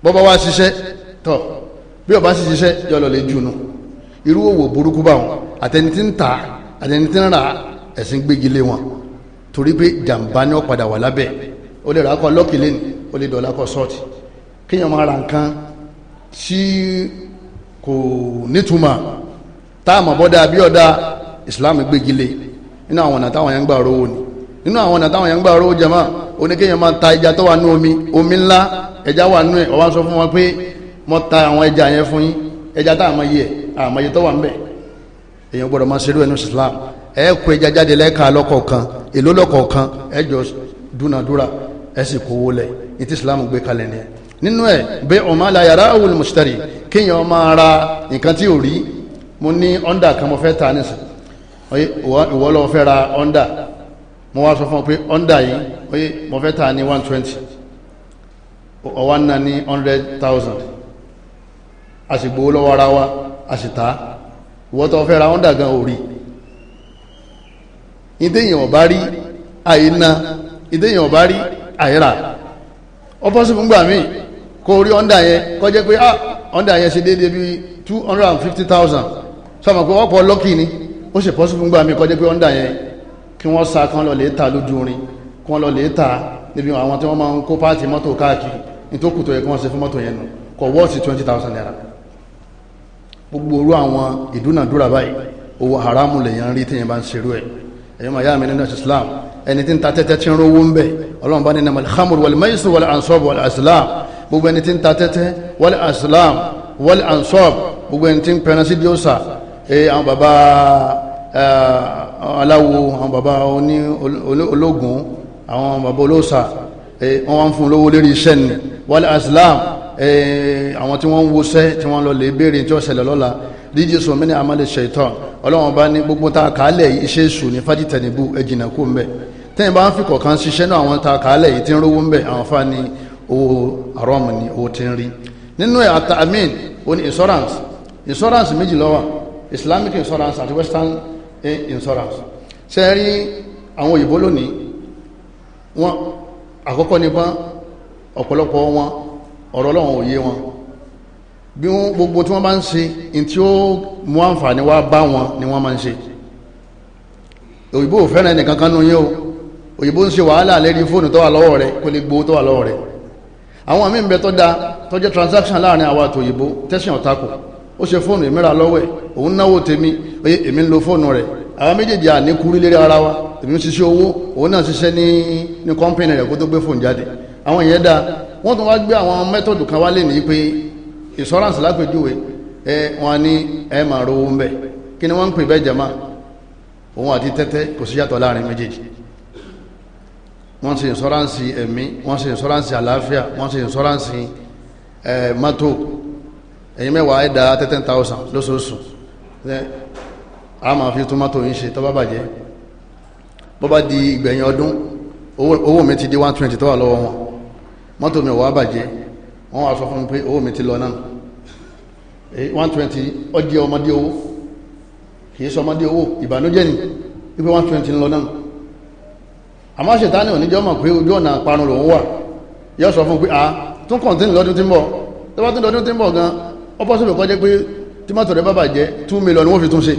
bọ́bá wa ṣiṣẹ́ tọ́ bí ọba sì ṣiṣẹ́ yọ lọ lè jùnú irú òwò burúkú bá wọn àtẹni tí ń ta àtẹni tí ń ra ẹ̀sìn gbégi lé wọn torí pé jàǹbá ni ó padà wà lábẹ́ ó lè ràákọ lọ́ọ̀kì lẹ́nu ó lè dọ̀là kọ sọ́ọ̀tì kéèyàn máa ra nǹkan tí kò nítumọ̀ táàmù bọ́dà bí ìsìláàmù gbégi lé nínú àwọn ọ̀nà táwọn yẹn ń gbà rówó ni nínú àwọn ọ̀nà táwọn yẹn ń gbà rówó jẹ́mọ́ oníkéèyàn máa ta ẹja tó wà ní omi omi ńlá ẹja wà nú ẹ̀ ó wá sọ fún wọn pé mọta ta àwọn ẹja yẹn fún yín ẹja tá àmọ́ yìí ẹ̀ àmọ́ yìí tó wà ń bẹ̀ èèyàn gbọ́dọ̀ máa ṣerú ẹnu Islam ẹ kó ẹja jáde lẹ́ka lọ́kọ̀ọ̀kan èló lọ́kọ̀ọ̀kan ẹ jọ dúnadúrà ẹ sì kówó lẹ̀ ètí Islam gbé kalẹ̀ ni nínú ẹ bẹ ọmọ awul kéèyàn máa ra nǹkan tí ò rí mo ní kan mo fẹ́ ta ìwọ fẹ́ ra ọ pé yìí a sì gbowó lọ́wọ́ ara wa a sì ta ìwọ́n tó fẹ́ ra Honda gan orí ìdéyàn ọ̀bá rí àìna ìdéyàn ọ̀bá rí àìrà ọpọ́sùn gbà míì kó orí Honda yẹn kọ́ jẹ́ pé ah Honda yẹn ṣe déédéé bíi two hundred and fifty thousand sọmọ pé wọ́n pọ̀ lọ́kì ni ó sì pọ́sùn gbà míì kọ́ jẹ́ pé Honda yẹn kí wọ́n sa kán lọ lè ta lójú orin kí wọ́n lọ lè ta níbi àwọn tí wọ́n máa ń kó páàtì mọ́tò káàkiri ní tó kù tó yẹ kí wọ́n ṣe fún mọ́tò yẹn nù kọ̀ wọ́ọ̀sì twenty thousand naira gbogbo orú àwọn ìdúnàdúrà báyìí owó haramu lèyàn rí téèyàn bá ń ṣerú ẹ̀ ẹ̀yọ́ màá yá mi nínú islam ẹni tí ń ta tẹ́tẹ́ tí ń rówó ń bẹ̀ ọlọ́run bá ní nàmàlì hamur wàlì maisir wàlì ansọ́b wàlì aslam gbogbo ẹni tí ń ta tẹ́tẹ́ wàlì aslam wàlì ansọ́b gbogbo ẹni tí ń pẹran sí diosa àwọn baba aláwo àwọn baba oní ológun àwọn baba olóòsà wọn wá ń fún lówó lérí iṣẹ́ ni wàlì aslam àwọn tí wọ́n ń wọṣẹ́ tí wọ́n lọ lè béèrè tí ó ṣẹlẹ̀ lọ́la díjí sọ mí ní amálẹ̀ ṣètọ́ ọlọ́run bá ní gbogbo tá a kàálẹ̀ iṣẹ́ èṣù ní fájìtẹ̀nìbù ẹ̀jìnà kó ń bẹ̀ tẹ́yìn bá ń fi kọ̀ọ̀kan ṣiṣẹ́ náà àwọn tá kàálẹ̀ yìí ti ń rówó ń bẹ̀ àwọn fa ni owó àrọ́ọ̀mù ni owó ti ń rí nínú ẹ̀ àtàmín oní insurance insurance méjì ló islamic insurance àti western eh, insurance ṣe rí àwọn òyìnbó lónìí wọn àkọ́kọ́ nípa ọ̀pọ̀lọpọ̀ wọn ọ̀rọ̀ ọlọ́run ò yé wọn bí wọ́n gbogbo tí wọ́n bá ń ṣe in tí ó mú àǹfààní wá bá wọn ni wọ́n máa ń ṣe òyìnbó ò fẹ́ràn ẹnì kankan nínú yín o òyìnbó ń ṣe wàhálà lẹ́rí fóònù tó wà lọ́wọ́ rẹ kó lè gbowó tó wà lọ́wọ́ rẹ àwọn míì ń bẹ tó da tó jẹ́ transaction láàrin àwa àti òyìnbó tẹ́sán ọ̀tako ó ṣe fóònù ìmíra lọ́wọ́ ẹ̀ òun náwó tèmi èmi ń lo fóònù rẹ̀ àwọn méjèèjì àníkúrí lérí ara wa èmi ń ṣiṣẹ́ owó òun náà ṣiṣẹ́ ní ní kọ́ńpìnì rẹ̀ kó tó gbé fóònù jáde àwọn ìyẹn dáa wọ́n tún wá gbé àwọn mẹ́tọ̀dù kan wálé ní pé insurance lápèjúwe ẹ wọn ní ẹ máa rówó ń bẹ kí ni wọ́n ń pè bẹ́ẹ̀ jẹ́ máa òun àti tẹ́tẹ́ kò sí yàtọ̀ láàrin méjèèjì wọ́n ṣe insurance ẹ̀mí wọ́n ṣe insurance àlàáfíà wọ́n ṣe insurance ẹ̀ mọ́tò ẹ̀yin mẹ́wàá ẹ̀dá ten thousand lóṣooṣù a máa fi tún mọ́tò yín ṣe tó bá bàjẹ́ bó bá di ìgbẹ̀yìn ọdún owó mi ti di one twenty tó wà lọ́wọ́ wọn mọ́tò mi ò wá bàjẹ́ wọ́n wá sọ fún mi pé owó mi ti lọ náà one twenty ọdí ọmọdé owó kì sọ ọmọdé owó ìbànújẹ́ ni wípé one twenty ń lọ náà àmọ́ ṣètánì oníjọ́ mọ̀ pé ojú ọ̀nà àparun lòun wà yóò sọ fún pé a tún kọ̀ǹtínì lọ́dún tí ń bọ̀ tó bá tún lọ́dún tí ń bọ̀ gan ó bọ́ síbẹ̀ kọjá pé tí rẹ bá bàjẹ́ two million ni wọ́n fi tún ṣe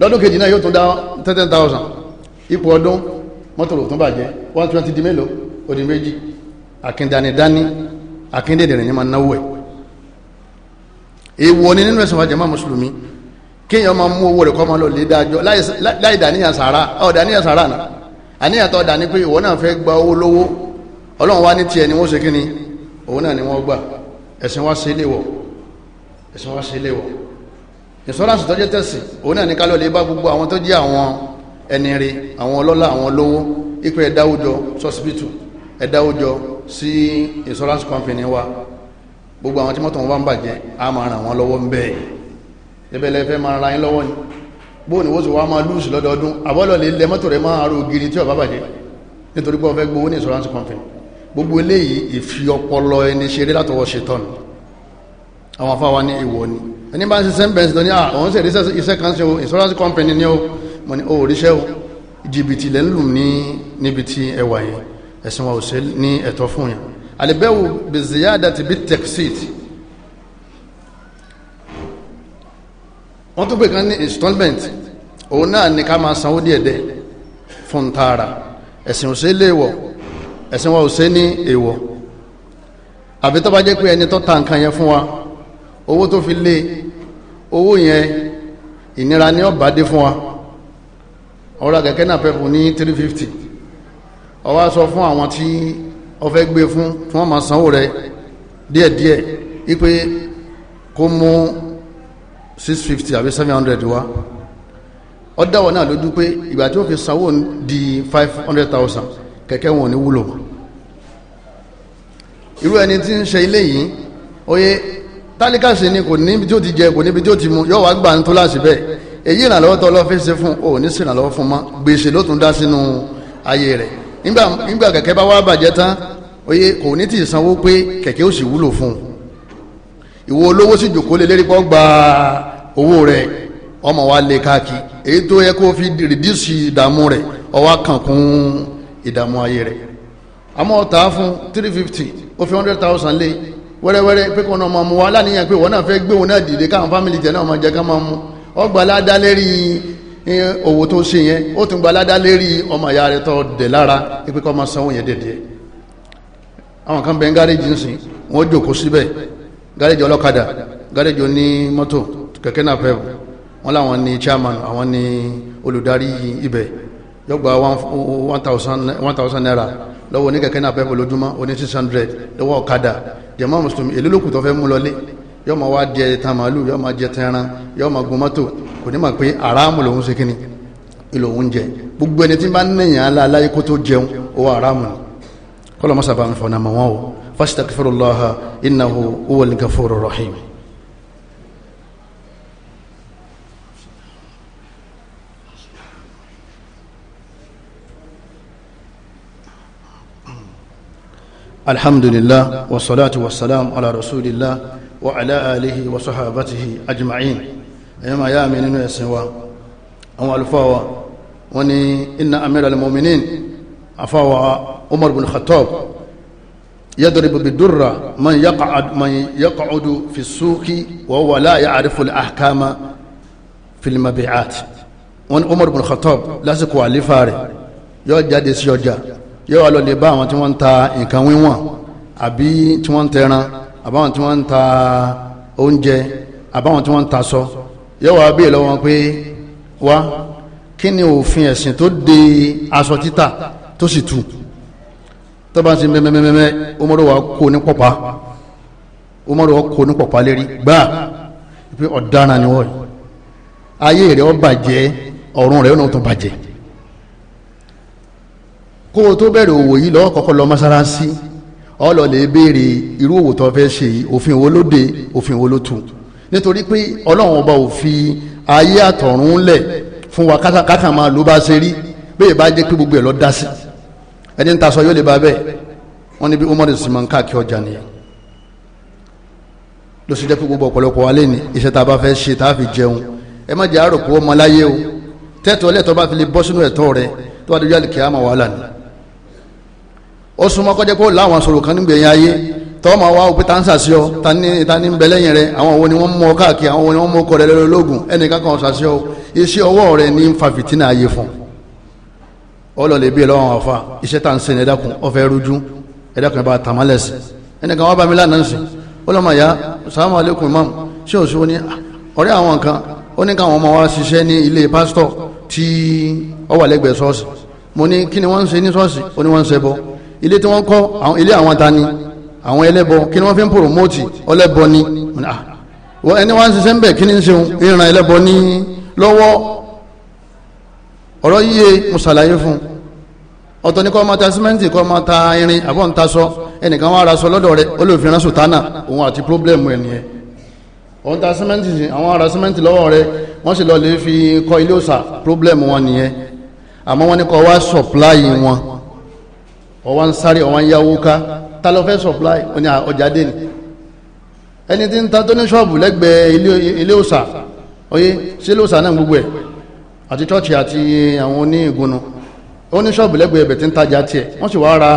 lọ́dún kejì náà yóò tún dá ten thousand ipò ọdún mọ́tò rò tún bàjẹ́ one twenty di mélòó ó méjì akíndanidání akíndèdèrè ní ma náwó ẹ̀ èèwọ̀ ni nínú e ẹ̀sìn wa jàmá mùsùlùmí kéèyàn máa mú owó rẹ̀ kọ́ máa lọ lé dájọ́ láì dàníyàn sàrà ọ̀ dàníyàn sàrà náà àníyàn tó dàní pé ìwọ náà fẹ́ gba owó lówó ọlọ́run wá ní tiẹ̀ ni wọ́n ṣe kí ni òun náà ni wọ́n gbà ẹ̀sìn wa ṣe léwọ̀ ẹ̀sìn wa ṣe léwọ̀ ìṣọ́ráṣì tó jẹ́ tẹ̀sìn òun náà ní ká lọ bá gbogbo àwọn tó jẹ́ àwọn ẹni àwọn ọlọ́lá àwọn lówó ipò ẹ̀dáwójọ e sọ́sibítù ẹ̀dáwójọ e sí insurance company wa gbogbo àwọn tí mọ́tò wọn bá ń bàjẹ́ a máa ràn wọ́n lọ́wọ́ ń bẹ́ẹ̀ ẹbẹ̀ lẹ́fẹ́ máa ra yín lọ́wọ́ ni bóò ní wọ́n sì wá máa lùsì lọ́dọọdún àbọ́lọ̀ lè lẹ mọ́tò rẹ̀ máa ro gírí tí ó bá bàjẹ́ nítorí pé ó fẹ́ gbowó ní insurance company gbogbo eléyìí ìfi ọpọlọ ẹni ṣeré látọwọ́ ṣetán àwọn afáwa ní ìwọ ni ẹni bá ń ṣiṣẹ́ ń bẹ̀rẹ̀ sí àwọn sì ríṣẹ́ iṣẹ́ kan ṣe insurance company ni ó mọ̀ ní ó ríṣẹ́ jìbìtì lẹ́nu ní níbi tí ẹwà yẹn ẹ̀sìn wa ò ṣe ní ẹ̀tọ́ fún yàn àlìbẹ́wò bí ziyada ti bí tẹ̀ksit wọ́n tún pè kan ní installment òun náà ní ká máa sanwó díẹ̀dẹ́ fún tààrà ẹ̀sìn ò ṣe léèwọ̀ ẹ̀sìn wa ò ṣe ní èèwọ̀ àbí tó bá jẹ́ pé ẹni tó ta nǹkan yẹn fún wa owó tó fi lé owó yẹn ìnira ni ó dé fún wa ọ̀rọ̀ kẹ̀kẹ́ náà fẹ́ ní three fifty ó wá sọ fún àwọn tí ó fẹ́ gbé fún tí wọ́n sanwó rẹ̀ díẹ̀díẹ̀ wípé kó mú six fifty àbí seven hundred wá ó dáwọ̀ náà lójú pé ìgbà tí ó fi sanwó di five hundred thousand kẹ̀kẹ́ wọn ò ní wúlò irú ẹni tí ń ṣe ilé yìí oyè tálíkà sí ni kò níbi tí ó ti jẹ kò níbi tí ó ti mu yóò wá gbà ń tó láti bẹ́ẹ̀ èyí ìrànlọ́wọ́ tó lọ́ọ́ ṣe fún òní sí ìrànlọ́wọ́ fún ma gbèsè ló tún dá sínú ayé rẹ̀ nígbà nígbà kẹ̀kẹ́ bá wá bàjẹ́ tán oye kò ní tí ì sanwó pé kẹ̀kẹ́ ó sì wúlò fún un ìwọ olówó sì jòkó lé lérí pọ́n gba owó rẹ̀ ọmọ wa lè káàkiri èyí tó yẹ kó fi rìdíùsì ìdààmú rẹ̀ ọwọ́ kankun ìdààmú ayé rẹ̀ àmọ́ ta fún three fifty ó fi hundred thousand lé wẹ́rẹ́wẹ́rẹ́ pé kò náà máa mú wa aláníyàn pé wọ́n náà fẹ́ gbé wọn náà dìde káwọn fámìlì tẹ̀ náà máa jẹ́ ká máa mú ọgbà ládàá lérí owó tó ṣe yẹn ó tún gba ládá lérí ọmọ ìyá rẹ̀ tó dẹ̀ lára pípẹ́ kọ́ máa sanwó yẹn dédé àwọn kan bẹ ń gáréjì nsìn wọ́n jòkó síbẹ̀ gáréjì ọlọ́kadà gáréjì oní mọ́tò kẹ̀kẹ́ náà pẹ́ wọ́n láwọn ní chairman àwọn ní olùdarí ibẹ̀ yọgbà one thousand naira lọ́wọ́ ní kẹ̀kẹ́ náà pẹ́ lójúmọ́ oní six hundred lọ́wọ́ ọ̀kadà jẹ̀mọ́ mùsùlùmí èlélòkù tó fẹ́ mú lọlé yọ́ máa kò ní mọ̀ pé àràmù lòun ṣe kíni ìlò oúnjẹ gbogbo ẹni tí bá ń nìyàn aláàláyé kó tó jẹun owó àràmù ni kọ́lọ̀ mọ́sà bá ń fọ náà mọ̀ wọ́n o fastaghfirullaha innahu huwal ghafurur rahim. alhamdulillah wasalaatu wasalaam ala rasulillah wa ala alihi wa sahabatihi ajma'in ẹ̀yàn máa yá mi nínú ẹ̀sìn wa àwọn àlùfáà wa wọ́n ní inna amiral mu'minin afáwa umar bin khattab yadribu bidurra man yaqa'ad man yaqa'udu fi suqi wa huwa la ya'rifu al-ahkama fi al-mabi'at wọ́n umar bin khattab lásìkò àlífà yóò jáde sí ọjà yóò wá lọ lè bá àwọn tí wọ́n ta nǹkan wíwọ̀n àbí tí wọ́n tẹran àbáwọn tí wọ́n ta oúnjẹ àbáwọn tí wọ́n ta sọ yóò wá bí lọ́wọ́ pé wá kí ni òfin ẹ̀sìn tó de aṣọ títà tó sì tu tó bá ń sin mẹ́mẹ́mẹ́mẹ́ Umaru wa kó ní pọ̀pá Umaru wa kó ní pọ̀pá lérí gbà pé ọ̀daràn ni wọ́n yìí ayé rẹ̀ ó bàjẹ́ ọ̀run rẹ̀ ó náà tó bàjẹ́ kó o tó bẹ̀rẹ̀ òwò yìí lọ́wọ́ kọ́kọ́ lọ mọ́sálásí ọ lọ lè béèrè irú òwò tó fẹ́ ṣe òfin wo ló de òfin wo ló tu nítorí pé ọlọ́run ọba ò fi ayé àtọ̀run lẹ̀ fún wa kákà máa ló bá ṣe rí bẹ́ẹ̀ bá jẹ́ pé gbogbo ẹ̀ lọ dá sí ẹni ń taṣọ yóò lè ba bẹ́ẹ̀ wọ́n ní bí Umar simon káàkiri ọjà nìyẹn ló sì jẹ́ pé gbogbo ọ̀pọ̀lọpọ̀ wa lé ní iṣẹ́ tá a bá fẹ́ ṣe tá a fi jẹun ẹ má jẹ́ àárò kó ọmọ láyé o tẹ́tọ̀ lẹ́tọ̀ bá fi lè bọ́ sínú ẹ̀tọ́ rẹ tó wà lójú àlìkè àmọ̀ wàhálà ni ó súnmọ́ kọ́jẹ́ pé láwọn sọ̀rọ̀ tọ́mọ wa òpin tánṣà sí ọ tani ń bẹ lẹ́yìn rẹ àwọn wo ni wọ́n mú ọ káàkiri àwọn wo ni wọ́n mú ọkọ rẹ lọ́lọ́gùn ẹnìkan kan ṣàṣẹ ọ iṣẹ́ ọwọ́ rẹ ní fa fìtínà ayé fún ọlọ́lẹ̀ bí lọ́wọ́ àfa iṣẹ́ tá ń sẹ́ni ẹ̀dàkùn ọ̀fẹ́ rújú ẹ̀dàkùn ẹ̀bá tàmálẹ̀sì ẹnìkan wọ́n bá mi lánàá sí ọlọ́mọ ìyá sàmú alẹ́kùn imam ṣé òṣù ó ní ah, ọ̀rẹ́ àwọn kan ó ní káwọn ọmọ wa ni àwọn ẹlẹ́bọ kí ni wọ́n fi ń pòròmóòtì ọlẹ́bọ ni ah, ẹni wá ń ṣiṣẹ́ ń bẹ̀ kí ni ń ṣeun ìran ẹlẹ́bọ ní lọ́wọ́ ọ̀rọ̀ yíye mo ṣàlàyé fún un ọ̀tọ̀ ní kọ́ máa ta símẹ́ǹtì kọ́ máa ta irin àbọ̀ ń ta sọ ẹnìkan wá ara sọ lọ́dọ̀ rẹ ó lè fi ránṣọ tánà òun àti pírọ́blẹ̀mù ẹ̀ nìyẹn ta símẹ́ǹtì àwọn ara símẹ́ǹtì lọ́wọ́ rẹ wọ́n sì lọ lè fi kọ́ ilé òòsà pírọ́blẹ̀mù wọn nìyẹn àmọ́ wọ́n ní kọ́ wá sọ̀pláì wọn ọ̀wá ń sáré ọ̀wá ń yáwó ká ta ló fẹ́ supply wọn ni ọjà dé ni ẹni tí ń ta tó ní ṣọ́ọ̀bù lẹ́gbẹ̀ẹ́ ilé òsà oyé sí ilé òsà náà gbogbo ẹ̀ àti chọ́ọ̀chì àti àwọn oní ìgúnnu ó ní ṣọ́ọ̀bù lẹ́gbẹ̀ẹ́ ibẹ̀ tí ń tajà tiẹ̀ wọ́n sì wá ra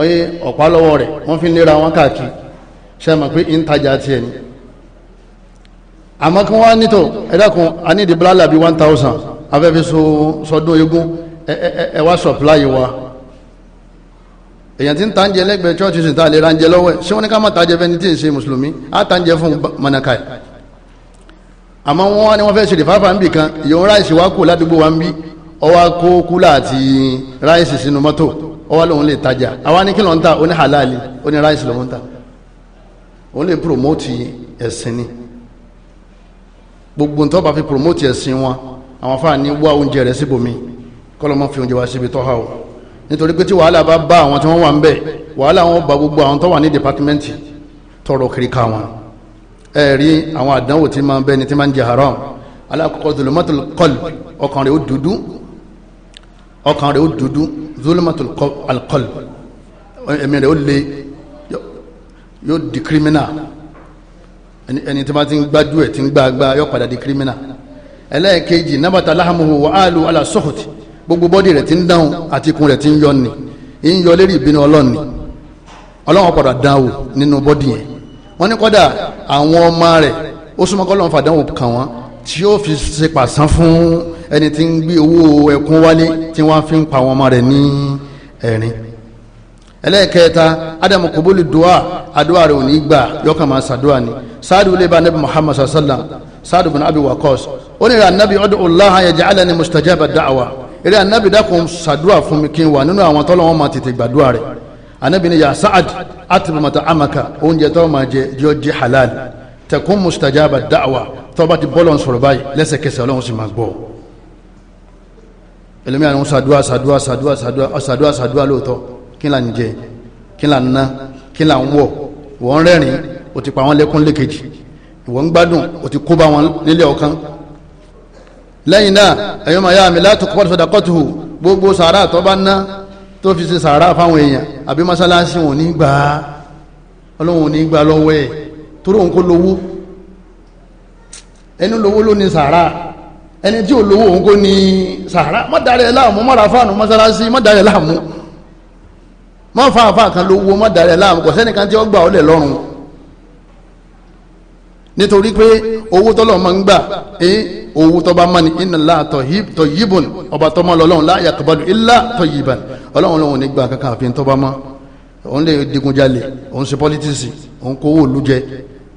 oyé ọ̀pá lọ́wọ́ rẹ̀ wọ́n fi lera wọn káàkiri ṣe mọ̀ pé ń tajà tiẹ̀ ni àmọ́ kí wọ́n nítò ẹ dákun a bíi one thousand afẹ́fẹ́ so sọdún eégún ẹ wá supply wa èyàn tí ń ta ń jẹ lẹ́gbẹ̀ẹ́ chọ́ọ̀chì sì ta lè ra ń jẹ lọ́wọ́ ẹ̀ ṣé wọ́n ní ká má ta jẹ fẹ́ni tí ì ṣe mùsùlùmí á ta ń jẹ fún mọ̀nàkà ẹ̀ àmọ́ wọ́n wá ní wọ́n fẹ́ ṣe ìfáfà ń bì kan ìyọ̀n ráìsì wá kù ládùúgbò wa ń bí ọwọ́ kó kúlà àti ráìsì sínú mọ́tò ọwọ́ lòun lè tajà àwa ní kí ló ń ta oní halali oní ráìsì lòun ń ta òun lè promote ẹ̀sìn ni gbogbo ntọ́ bá fi promote ẹ̀sìn wọn àwọn fáà ní wá oúnjẹ rẹ̀ síbòmí kọ́lọ́mọ́ fi oúnjẹ wá síbi tọ́ha o nítorí pé tí wàhálà bá bá àwọn tí wọ́n wà ń bẹ̀ wàhálà wọn bá gbogbo àwọn tó wà ní dìpátímẹ́ǹtì tọrọ kiri ká wọn ẹ rí àwọn àdánwò tí máa ń bẹ ni tí máa ń jẹ haram alákọ̀ọ́kọ́ zulumatul qalb ọkàn rẹ̀ ó dúdú ọkàn rẹ̀ ó dúdú zulumatul qalb ẹ̀mí rẹ̀ ó le yóò di criminal ẹni tí wọ́n ti ń gbájú ẹ̀ ti ń gbàgbà yóò padà di criminal ẹlẹ́ẹ̀kejì nabata lahamuhu wa alu ala sohoti gbogbo bọ́dì rẹ̀ ti ń dáhùn àti ikùn rẹ̀ ti ń yọ ni ń yọ lérí ìbínú ọlọ́run ni ọlọ́run padà dáhùn nínú bọ́dì yẹn wọ́n ní kọ́dà àwọn ọmọ rẹ̀ ó súnmọ́ kọ́ lọ́run fàdánwò kàn wọ́n tí ó fi ṣe pàṣán fún ẹni tí ń gbé owó ẹkún wálé tí wọ́n fi ń pa àwọn ọmọ rẹ̀ ní ẹ̀rín ẹlẹ́ẹ̀kẹta ádámù kòbólì dùá àdúrà rẹ̀ ò ní gbà yọkàn máa ṣàdúrà ni sáàdù ilé bá muhammad sallallahu alaihi wa sallam sadu bin abi wakos ó ní ra nabi ọdún ọláhà yaj'alani mustajaba da'wa eré anabi dákun ṣàdúrà fún mi kí n wà nínú àwọn tọ́lọ́ wọn máa tètè gbàdúrà rẹ̀ anabi ni ya saad atibamata amaka oúnjẹ tọ́ máa jẹ jọ jẹ halal takun mustajaba da'wa tọ́ba ti bọ́lọ̀ sọ̀rọ̀ báyìí lẹ́sẹ̀kẹsẹ̀ ọlọ́run sì máa gbọ́ ẹlòmíràn ń ṣàdúrà ṣàdúrà ṣàdúrà ṣàdúrà ṣàdúrà lóòótọ́ kí n là ń jẹ kí n là ń ná kí n là ń wọ̀ wọ́n rẹ́rìn-ín o ti pa wọ́n lẹ́kún lẹ́kejì ìwọ́n gbádùn o ti kó bá wọn nílé ọ̀kan lẹ́yìn náà ẹ̀yọ́ máa yá mi látò kọ́ sọ̀dàkọ́tù gbogbo sàárà tó bá ná tó fi ṣe sàárà fáwọn èèyàn àbí mọ́sálásí wọn ní gbà á ọlọ́run ò ní gbà lọ́wọ́ ẹ̀ torí òun kò lówó ẹni lówó ló ní sàárà ẹni tí ò lówó òun kò ní sàárà má darí ẹ láàmú má ra fáànù mọ́sálásí má darí ẹ láàmú má fáàfáà kan lówó má darí ẹ láàmú kò sẹ́nìkan tí ó gbà ọ́ lẹ̀ lọ́rùn nítorí pé owó tọ́lọ̀ máa ń gbà ẹ́ owó tọ́ba mani inna Allah tayyibun ọba tọ́mọ lọ́lọ́run la yaqbalu illa tayyiban ọlọ́run lọ́run nígbà kankan àfi tọ́ba mọ́ òun lè digunjalè òun ṣe pọ́lítíìsì òun kówó òlu jẹ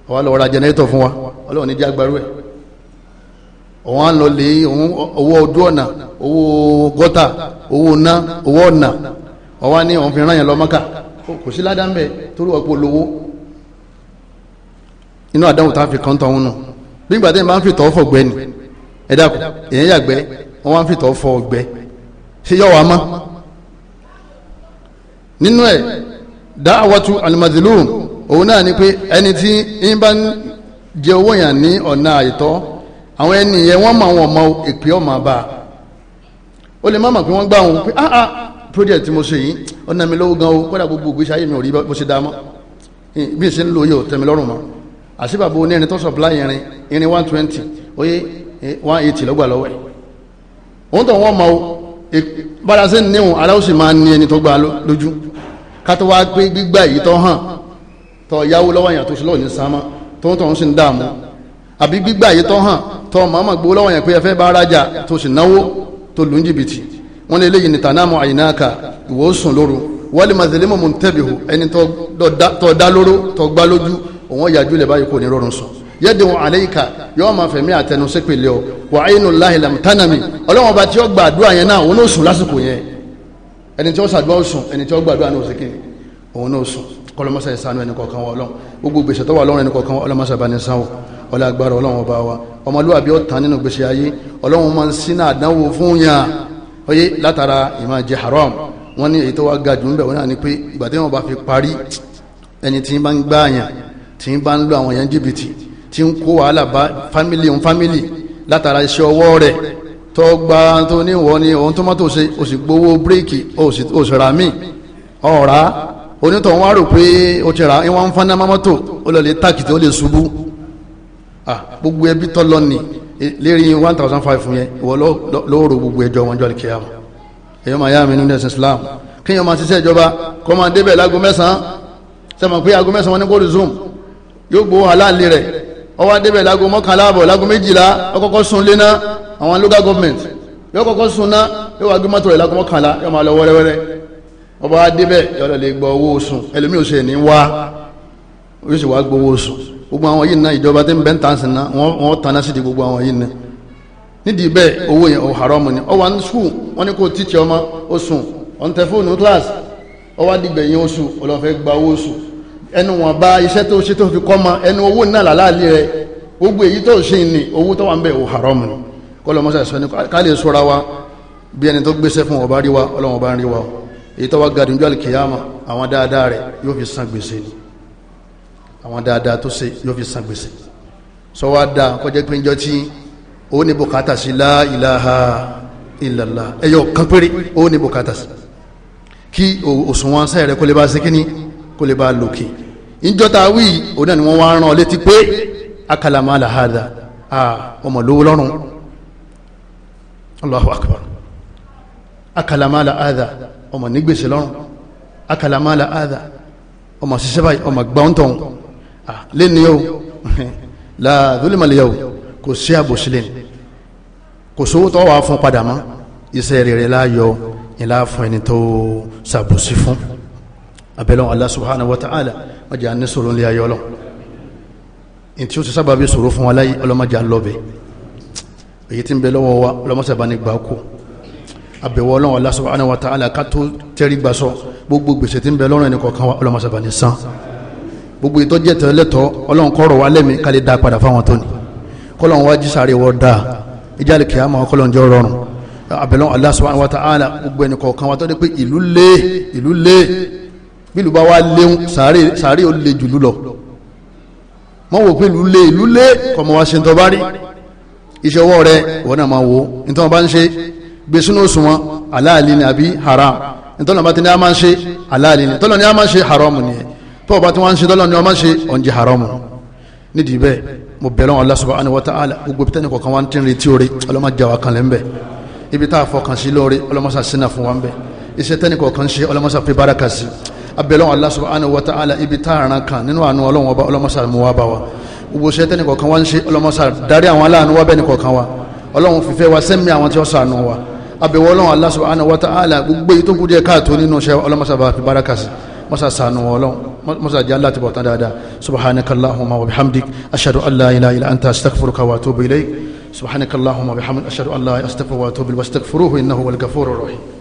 ọwọ́ lọ́wọ́ ra jẹnẹrétọ̀ fún wa ọlọ́run ní jágbárú ẹ̀ òun á lọ lé owó ojú ọ̀nà owó gọ́tà owó ná owó ọ̀nà ọwọ́ inú àdáhùn tá a fi kàn tán wọn nù bí ìgbà tí ẹ máa ń fi tọ́ fọ gbẹ ni ẹ dàkú èyàn yàgbẹ́ wọn wá ń fi tọ́ fọ gbẹ ṣé yọ wàá mọ́ nínú ẹ dáhàwọ́tú alimadilum òun náà ni pé ẹni tí ń bá ń jẹ owó yàn ní ọ̀nà àìtọ́ àwọn ẹni yẹn wọ́n mọ àwọn ọmọ ìpè ọmọ bá a ó lè má mọ̀ pé wọ́n gbá wọn pé ah ah project tí mo ṣe yìí ọ̀nà mi lówó gan o kódà gbogbo ìgbésí ayé mi ò rí bó ṣe dá mọ́ bí n ṣe ń lo yìí ò lọ́rùn mọ́ àṣìbàbò onírin tó supply irin irin one twenty oyè one eighty lọ́gbà lọ́wọ́ ẹ̀ òun tó wọ́n mọ o bára sí níhùn aláwòsì máa ní ẹni tó gba lójú ká tó wáá pé gbígbà èyí tó hàn tó yáwó lọ́wọ́ yẹn tó sì lọ́ọ̀ ní sámá tó ń tọ̀hún sí ń dààmú àbí gbígbà èyí tó hàn tó màmá gbowó lọ́wọ́ yẹn pé ẹ fẹ́ bá rájà tó sì náwó tó lù ń jìbìtì wọn lè léyìn ní tànámù àyínáka ìwòsùn lóru wọ́n lè máa zèlémù mú tẹ́bìhù ẹni tó dá lóró tó gbá lójú òun yàjú lẹ̀ báyìí kò ní rọrùn sùn yẹ́dùn àlẹ́yìká yọ́ọ́ máa fẹ̀mí àtẹnusẹ́ pèlè ọ wà áyínú láhìlám tánàmì ọlọ́wọ́n bá tí ó gba àdúrà yẹn náà òun náà sùn lásìkò yẹn ẹni tí ó sàdúrà ó sùn ẹni tí ó gba àdúrà náà ó sì kí òun náà sùn kọlọmọsà ìsànú ẹnì kọ̀ọ̀kan wa ọlọ́run gbogbo gbèsè tó wà lọ́rùn ẹnì kọ̀ọ̀kan wa ọlọ́mọsà bá ní sanwó ọlọ́ agbára ọlọ́run ọba wa ọmọlúwàbí ọ̀tàn nínú gbèsè ayé ọlọ́run máa ń sínú àdánwò fún yàn oyé látara ìmọ̀ jẹ haram wọ́n ní èyí tó wá ga jù ń bẹ̀ wọ́n náà ni pé ìgbà tí wọ́n bá fi parí ẹni tí ń bá ń gbá yàn tí ń bá ń lo àwọn èèyàn jìbìtì tí ń kó wàhálà bá fámìlì òun fámìlì látara iṣẹ́ ọwọ́ rẹ̀ tó gba tó ní ìwọ ni òun tó mọ́tò ṣe o sì gbowó bíréèkì o sì rà mí ọ̀rá onítọ̀ wọn rò pé o ti rà ẹ wọn ń fọ́nà mọ́tò ó lọ lè tákìtì ó lè ṣubú gbogbo ẹbí tọ́ lọ nì e, lérí one thousand five yẹn ìwọ ló ro gbogbo ẹjọ́ wọn jọ lè kíyàwó èèyàn máa yá mi nínú ẹ̀sìn Islam kéèyàn máa ṣiṣẹ́ ìjọba kó máa débẹ̀ láago mẹ́sàn-án sẹ́mi pé aago mẹ́sàn-án wọn ní kó resume yóò gbowó aláàlẹ rẹ̀ ọwọ́ adébẹ̀ lago mọ́kànlá àbọ̀ lago méjìlá ọkọ̀kọ́ sun lé náà àwọn local government yóò kọ́kọ́ sun náà yóò wá gbé mọ́tò rẹ̀ lago mọ́kànlá yóò máa lọ wẹ́rẹ́wẹ́rẹ́ ọba adébẹ̀ yóò lọ lè gbọ́ owó sùn ẹlòmí ò sì ní wá yóò sì wá gbowó sùn gbogbo àwọn yìí ná ìjọba tí ń bẹ́ ń ná wọ́n sí di gbogbo àwọn yìí ná nídìí bẹ́ẹ̀ owó yẹn ò ni ẹnu wọn bá iṣẹ́ tó ṣe tó fi kọ́ ma ẹnu owó náà làlálì rẹ gbogbo èyí tó ṣe ní owó tó wà ń bẹ̀ ò haram ni kọlọmọsà sọ ni ká lè sọra wa bí ẹni tó gbéṣẹ́ fún ọba rí wa ọlọ́wọ́n bá ń rí wa èyí tó wá gadunjú alikiyama àwọn dáadáa rẹ yóò fi san gbèsè ni àwọn dáadáa tó ṣe yóò fi san gbèsè sọ wá da kọjá pé tí ó ní bùkátà sí la ilaha illallah ẹyọ kan péré ó ní bùkátà sí kí òṣùwọ̀n sẹ́yẹrẹ kó lè kíní kó lè bá a lòkè ìjọta wíì òun náà ni wọ́n wá rán ọ létí pé akalama alahada ọmọ lówó lọ́rùn allahu akbar akalama alahada ọmọ nígbèsè lọ́rùn akalama alahada ọmọ ṣiṣẹ́ báyìí ọmọ gbọ́ntàn lẹ́ni o láàdúlẹ̀mọ̀lẹ́yàwó [LAUGHS] kò sí àbòsílẹ̀ kò sówó tó wà fún padà mọ́ iṣẹ́ rere láyọ̀ ìlà fún ẹni tó ṣàbòsí fún abẹ́lẹ́ Allah subhanahu wa ta'ala wọ́n jẹ́ àní sọ̀rọ̀ nílé ayé ọlọ́ in tí ó ti sábà bí sọ̀rọ̀ fún wa láyé ọlọ́mọdé alọ́bẹ̀ èyí tí ń bẹ lọ́wọ́ wa ọlọ́mọsàbá ní gbà kú abẹ̀wọ̀ ọlọ́run Allah subhanahu wa ta'ala ká tó tẹ́rí gbà sọ gbogbo gbèsè tí ń bẹ lọ́rùn ẹni kọ̀ọ̀kan wa ọlọ́mọsàbá ní san gbogbo ìtọ́jẹ́ tẹ́lẹ̀tọ́ ọlọ́run kọ́rọ̀ bílù bá wá léun sàárè ó le jùlú lọ mọ́ wò pé ìlú lé kọmọ wa ṣe ń tọ́bá rí iṣẹ́ ọwọ́ rẹ wọ́n náà máa wò ó nítorí wọn bá ń ṣe gbé sínú òsùn wọn aláàlí ni àbí haram nítorí wọn bá ti ní a máa ń ṣe aláàlí ni tọ́lọ̀ ni a máa ń ṣe haram nìyẹn tó o bá ti wá ń ṣe tọ́lọ̀ ni a máa ń ṣe ọ̀njẹ́ haram nídìí bẹ́ẹ̀ mo bẹ̀rẹ̀ wọn Allah subhanahu wa ta'ala gbogbo bí tẹ́nìkọ̀ kan wá ń tí ń retí oore ọlọ́mọ jà wá kan lẹ́ ń bẹ̀ ibi tá a fọkàn sí lóore ọlọ́mọ sàṣínà fún wa ń bẹ̀ iṣẹ́ tẹ́nìkọ̀ kan ṣe ọlọ́mọ sàfẹ́ bára kà sí i abẹ́lẹ́wọ̀n Allah subhanahu wa ta'ala ibi táàrán kan nínú àánú ọlọ́wọ́n ọba ọlọ́mọṣà mú wa bá wa gbogbo ṣẹ́ tẹ́nìkọ̀ kan wá ń ṣe ọlọ́mọṣà darí àwọn aláàánú wa bẹ́ẹ̀nìkọ̀ kan wa ọlọ́wọ́n fìfẹ́ wa sẹ́mi àwọn tí ó sànù wa abẹ́wọ́ ọlọ́wọ́n Allah subhanahu wa gbogbo èyí tó kú díẹ̀ káàtó nínú ṣẹ́ ọlọ́mọṣà bá fi bára kàsí masa sànù ọlọ́wọ́n masa jẹ́ Allah ti bọ̀ tán dáadáa wa bihamdik ashhadu an la ilaha anta astaghfiruka wa atubu ilayk subhanakallahumma wa bihamdik ashhadu an astaghfiruka wa atubu ilayk wastaghfiruhu innahu wal ghafurur rahim